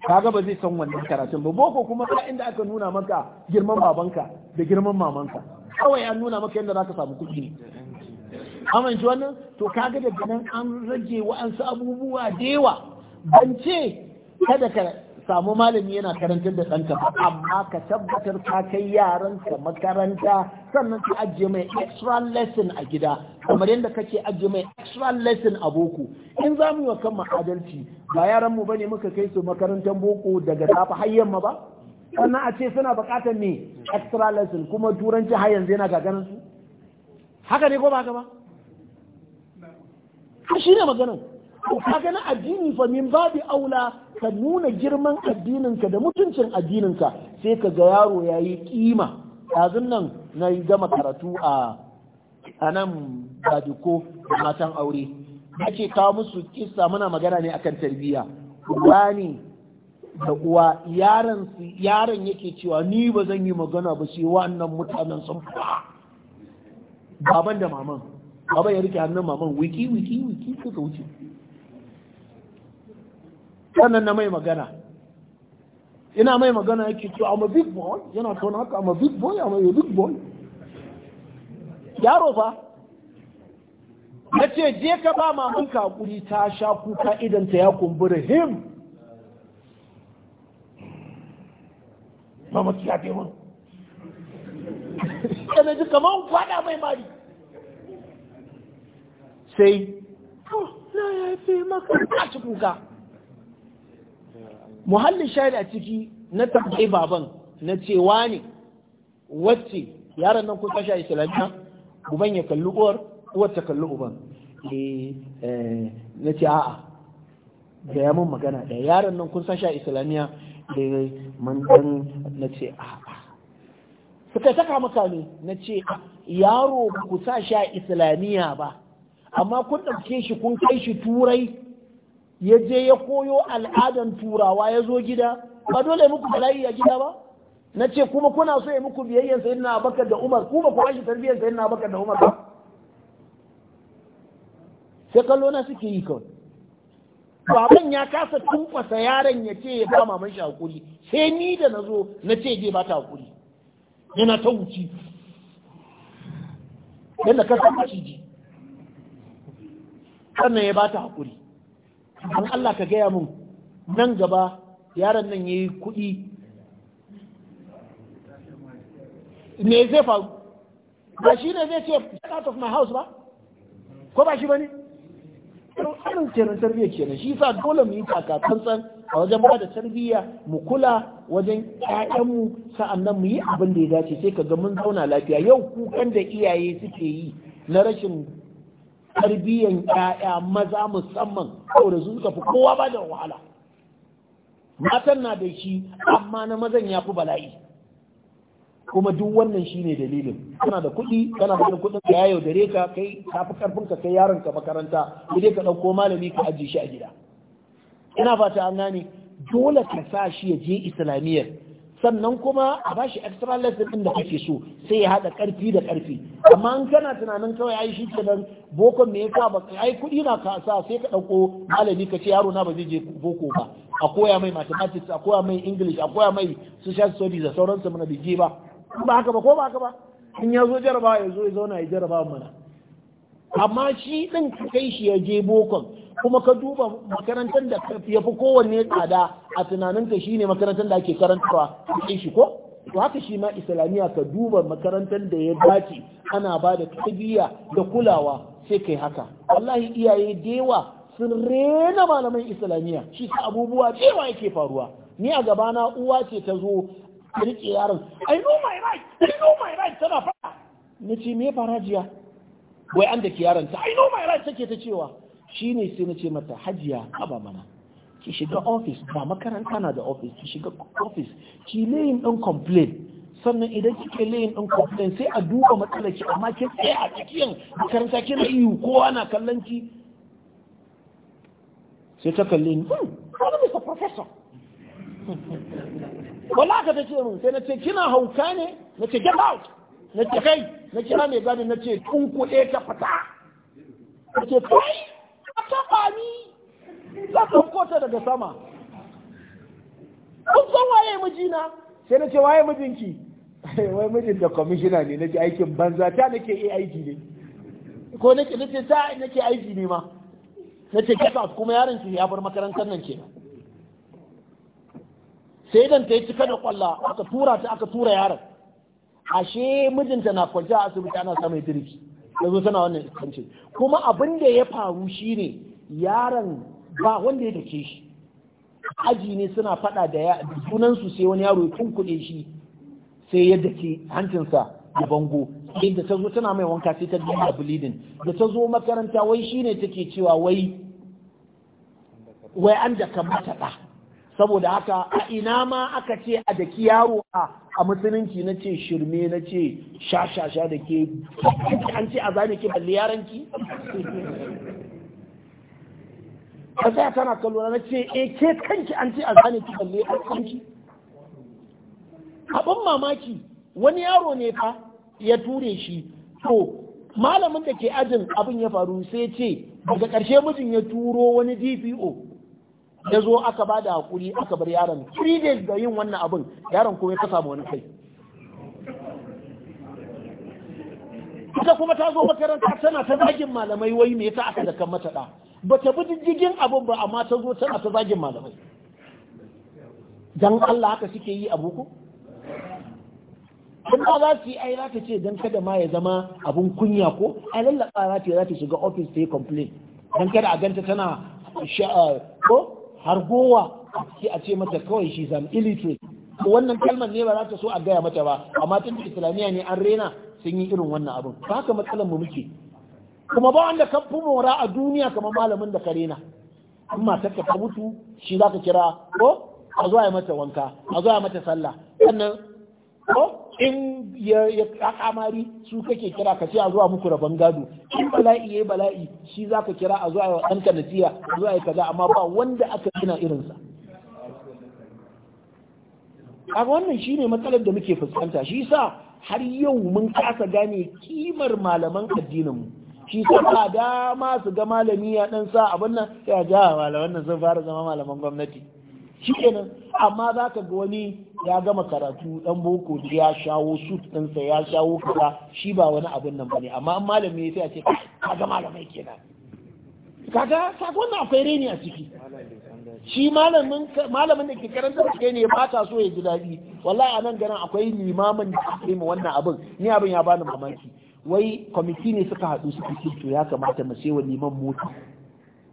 kaga ba zai san wannan karatun ba boko kuma ka inda aka nuna maka girman babanka da girman mamanka kawai an nuna maka yadda zaka samu kuɗi amince wannan to kaga daga nan an rage wa'ansu abubuwa da yawa ban ce kada ka samu malami yana karantar da ɗanka ba amma ka tabbatar ka kai yaranka makaranta sannan ka ajiye mai extra lesson a gida kamar yadda kake ajiye mai extra lesson a boko in za mu yi wa kanmu adalci ba yaran mu bane muka kai su makarantar boko daga safa har yamma ba sannan a ce suna buƙatar ne extra lesson kuma turanci har yanzu yana gaganin su haka ne ko ba haka ba shi ne maganar to kaga na addini fa min babi aula ka nuna girman addininka da mutuncin addininka sai ka ga yaro yayi kima yanzun nan na yi gama karatu a anan badiko matan aure ake kawo musu kissa muna magana ne akan tarbiyya uba ne da uwa yaron yaron yake cewa ni ba zan yi magana ba sai wannan mutanen sun fa baban da maman baban ya rike hannun maman wiki wiki wiki suka wuce wannan na mai magana ina mai magana yake to I'm a big boy yana tona haka I'm a big boy I'm a big boy yaro fa na ce je ka ba maman kakuri ta sha kuka idan ta ya kumbura him mama ki ya mun kana ji kaman kwada mai mari sai oh na ya fi maka ta ci kuka muhallin shahid a ciki na tabbai baban na cewa ne wacce yaran nan kusa sha islamiyya uban ya kalli uwar uwar ta kalli uban eh, eh, na ce a'a da ya mun magana da yaran nan kun sha islamiyya da eh, man dan na ce a'a suka saka maka ne na ce yaro ku sha islamiyya ba amma kun ɗauke shi kun kai shi turai ya je ya koyo al'adan turawa ya zo gida ba dole muku bala'i a gida ba na ce kuma kuna so ya muku biyayyan na bakar da umar kuma ku bashi tarbiyyar na bakar da umar ba sai kallo na suke yi kawai baban ya kasa tunkwasa yaron ya ce ya fama maman shi hakuri sai ni da na zo na ce je ba ta hakuri yana ta wuce yadda ka san ji sannan ya ba ta hakuri an Allah ka gaya mun nan gaba yaron nan yayi yi kuɗi me zai faru ba shi ne zai ce out of my house ba ko ba shi ba ne irin kenan tarbiyyar kenan shi sa dole mu yi kakakansan a wajen ba da tarbiyya mu kula wajen ƴaƴanmu sa'annan mu yi abin da ya dace sai ka ga mun zauna lafiya yau kukan da iyaye suke yi na rashin tarbiyyan ƴaƴa maza musamman saboda sun fi kowa ba da wahala matan na da shi amma na mazan ya fi bala'i kuma duk wannan shi ne dalilin kana da kuɗi kana da kuɗin ka ya yaudare ka kai ka fi karfin ka kai yaron ka makaranta dai ka ɗauko malami ka ajiye shi a gida ina fata an gane dole ka sa shi ya je islamiyyar sannan kuma a bashi extra lesson din da kake so sai ya haɗa karfi da karfi amma an kana tunanin kawai ai shi kenan boko me yasa ba ai kuɗi na ka sa sai ka ɗauko malami ka ce yaro na ba zai je boko ba a koya mai mathematics a koya mai english a koya mai social studies da sauransu mana bige ba ba haka ba ko ba haka ba in ya zo jarabawa ya zo ya zauna ya jarabawa mana amma shi ɗin kai shi ya je bokon kuma ka duba makarantar da ya fi kowanne tsada a tunaninka shine makarantar da ake karantarwa sai shi ko to haka shi ma islamiyya ka duba makarantar da ya dace ana ba da tarbiyya da kulawa sai kai haka wallahi iyaye da yawa sun rena malaman islamiyya shi sa abubuwa da yawa yake faruwa ni a gabana uwa ce ta zo rike yaron i know my right i know my right tana fara ni ce me farajiya wai an da ke yaron ta i know my right take ta cewa Shi ne sai na ce mata hajiya haba mana ki shiga ofis ba makaranta na da ofis ki shiga ofis ki layin ɗin complain sannan idan kike layin ɗin complain sai a duba matsalaki amma ke tsaye a cikin makaranta na iyu kowa na kallon ki sai ta kalli. ni hmm, wani mr professor wala ka ta ce mun sai na ce kina hauka ne na ce get out na ce kai na kira mai gadi na ce tunkuɗe ta fata na ce kai taɓa ni ka ɗauko ta daga sama kun san waye mijina sai na ce waye mijinki wai mijin da kwamishina ne nake aikin banza ta nake iya aiki ne ko nake nake ta nake aiki ne ma ce kasa kuma yaron ki ya bar makarantar nan ke. sai dan ta yi cika da kwalla aka tura ta aka tura yaron ashe mijinta na kwance a asibiti ana samun jirgi. ta zo tana wannan iskanci kuma abin da ya faru shine yaron ba wanda ya dake shi aji ne suna fada da sunansu sai wani yaro ya tunkuɗe shi sai ya dake hancinsa da bango inda ta zo tana mai wanka sai ta dinga bleeding da ta zo makaranta wai shine take cewa wai wai an da kamata ɗa saboda haka a ina ma aka ce a daki yaro a a musulunci na ce shirme na ce shashasha da ke an ce a zane ke balle yaranki ka tsaya tana kallona na ce e ke kanki an ce a zane ki balle yaranki abin mamaki wani yaro ne fa ya ture shi to malamin da ke ajin abin ya faru sai ce daga ƙarshe mijin ya turo wani dpo ya zo aka ba da hakuri aka bar yaron three days ga yin wannan abin yaron kuma ya samu ma wani kai ita kuma ta zo makaranta tana ta zagin malamai wai me yasa aka kan mata da ba ta bi jijjigin abin ba amma ta zo tana ta zagin malamai dan Allah haka suke yi a boko kuma za su yi ai za ta ce dan kada ma ya zama abun kunya ko a lallaba za ta za ta shiga office ta yi complain dan kada a ganta tana ko har gowa sai a ce mata kawai shi zan illiterate wannan kalmar ne ba za ta so a gaya mata ba amma tun da islamiyya ne an rena sun yi irin wannan abin ba haka matsalar mu muke kuma ba wanda ka fi mora a duniya kamar malamin da ka rena amma ta ka mutu shi za ka kira ko oh, a zuwa mata wanka a zuwa mata sallah sannan ko oh, in ya kamari su kake kira ka ce a zuwa muku rabon gado in bala'i ya bala'i shi za ka kira a zuwa wa ɗanka nasiya a zuwa ya kaza amma ba wanda aka gina irinsa a wannan shi ne matsalar da muke fuskanta shi sa har yau mun kasa gane kimar malaman addininmu shi sa ba dama su ga malami ya ɗan sa abin nan ya ja ah, malaman nan sun fara zama malaman gwamnati shi kenan amma za ka ga wani ya gama karatu dan boko ya shawo su ɗansa ya shawo kaza shi ba wani abin nan bane amma an malami ya sai a ce kaga malamai kenan kaga kaga wannan akwai reni a ciki shi malamin da ke karanta da ne ba ta so ya ji daɗi wallahi a nan garin akwai limamin da ake ma wannan abin ni abin ya bani mamaki wai kwamiti ne suka haɗu suka ce to ya kamata mu sai wa liman mota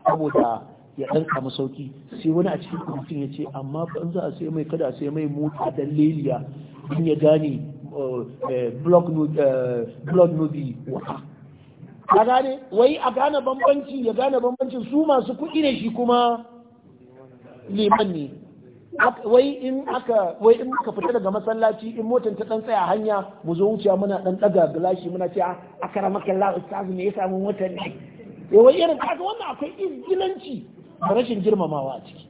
saboda ya ɗan kama sauki sai wani a cikin kwamitin ya ce amma ban za a sai mai kada a sai mai mota dan leliya in ya gane blog nobi wata a gane wai a gane bambanci ya gane bambancin su masu kuɗi ne shi kuma liman ne wai in aka wai in muka fita daga masallaci in motan ta dan tsaya hanya mu zo wuciya muna dan daga gilashi muna ce ah, a karamakin maka ne ya samu motan ne eh, wai irin kaga wannan akwai izgilanci da rashin girmamawa a ciki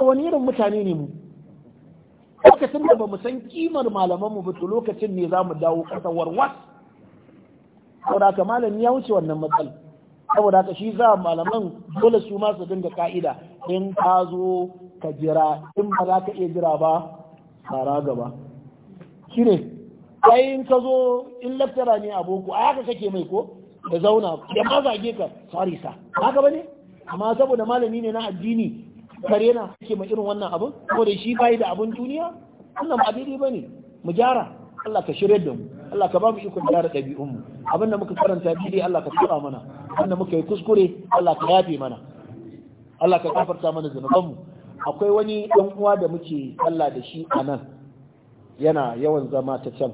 a wani irin mutane ne mu lokacin da ba mu san kimar malamanmu ba to lokacin ne za mu dawo ƙasa warwas saboda haka malami ya wuce wannan matsal saboda haka shi za malaman dole su ma su dinga ka'ida in ka zo ka jira in ba za ka iya jira ba tsara gaba shi ne in ka zo in laftara ne a boko a haka kake mai ko ya zauna ya ma zage ka sorry sa haka bane amma saboda malami ne na addini kare na yake mai irin wannan abin ko da shi bai da abin duniya wannan ba daidai bane mu gyara Allah ka shirye da mu Allah ka ba mu ikon gyara ɗabi'un mu abin da muka karanta daidai Allah ka tura mana Abin da muka yi kuskure Allah ka yafe mana Allah ka kafarta mana zanuban mu akwai wani ɗan uwa da muke Allah da shi a nan yana yawan zama ta can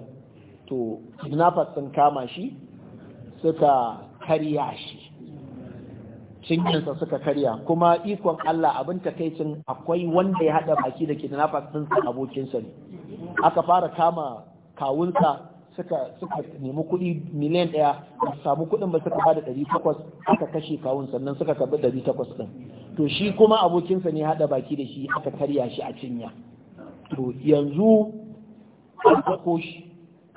to kidnappers sun kama shi suka karya shi cinyansa suka karya kuma ikon Allah abin takaicin akwai wanda ya haɗa baki da kidnappers sun abokinsa ne aka fara kama kawunsa suka nemi kuɗi miliyan ɗaya a samu kuɗin ba suka bada ɗari takwas aka kashe kawun sannan suka karɓi ɗari takwas ɗin to shi kuma abokinsa ne haɗa baki da shi aka karya shi a cinya to yanzu an ɗauko shi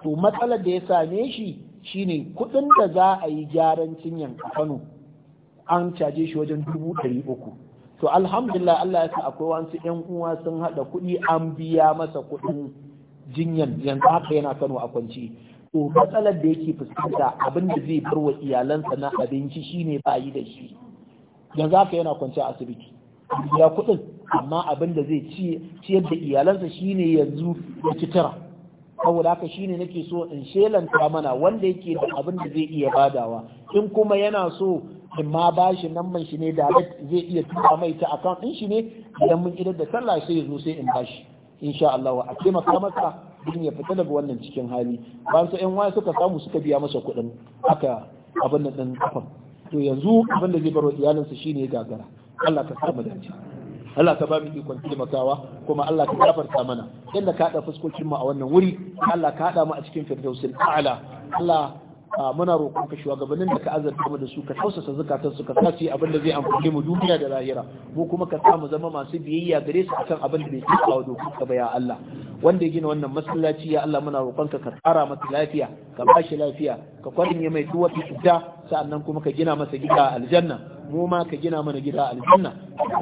to matsalar da ya same shi shine kudin da za a yi gyaran cinyan a Kano an caje shi wajen dubu ɗari uku to alhamdulillah Allah ya sa akwai wasu ƴan uwa sun haɗa kuɗi an biya masa kuɗin jinyan yanzu haka yana Kano a kwanci to matsalar da yake fuskanta abin da zai bar wa iyalansa na abinci shine ba yi da shi yanzu haka yana kwanci a asibiti ya kuɗin amma abin da zai ciyar da iyalansa shine yanzu ya ci tara saboda haka shi ne nake so in shelanta mana wanda yake da abin da zai iya badawa in kuma yana so in ma bashi nan man shi ne da zai iya tura mai ta account din shi ne idan mun idar da sallah sai ya zo sai in bashi insha Allah a taimaka masa din ya fita daga wannan cikin hali bayan su ƴan waya suka samu suka biya masa kuɗin haka abin nan din kafan to yanzu abin da zai baro iyalinsa shine gagara Allah ka sa mu dace Allah ka ba mu ikon taimakawa kuma Allah ka gafarta mana yadda ka haɗa fuskokin mu a wannan wuri Allah ka haɗa mu a cikin firdausil a'la Allah muna roƙon ka shugabannin da ka azurta mu da su ka tausasa zakatan su ka sa abin da zai amfane mu duniya da lahira mu kuma ka sa mu zama masu biyayya gare su akan abin da bai tsaka wa ka ba ya Allah wanda ya gina wannan masallaci ya Allah muna roƙon ka ka tsara masa lafiya ka ba shi lafiya ka kwarinye mai duk wata cuta sa'annan kuma ka gina masa gida aljanna mu ma ka gina mana gida aljanna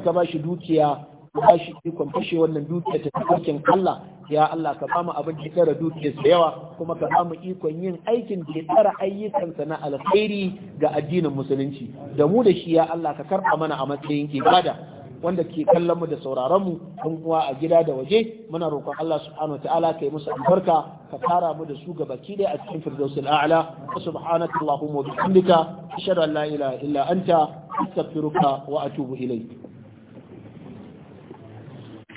ka ba shi dukiya ba shi ikon fashe wannan dukiya ta tafarkin Allah ya Allah ka bamu abin da tsara dukiyar da yawa kuma ka bamu ikon yin aikin da ya tsara ayyukansa na alkhairi ga addinin musulunci da mu da shi ya Allah ka karɓa mana a matsayin ibada wanda ke kallon mu da sauraron mu kun kuwa a gida da waje muna roƙon Allah subhanahu wataala kai musu albarka ka tara mu da su ga baki da a cikin firdausul a'la subhanaka allahumma wa bihamdika ashhadu an la ilaha illa anta astaghfiruka wa atubu ilayk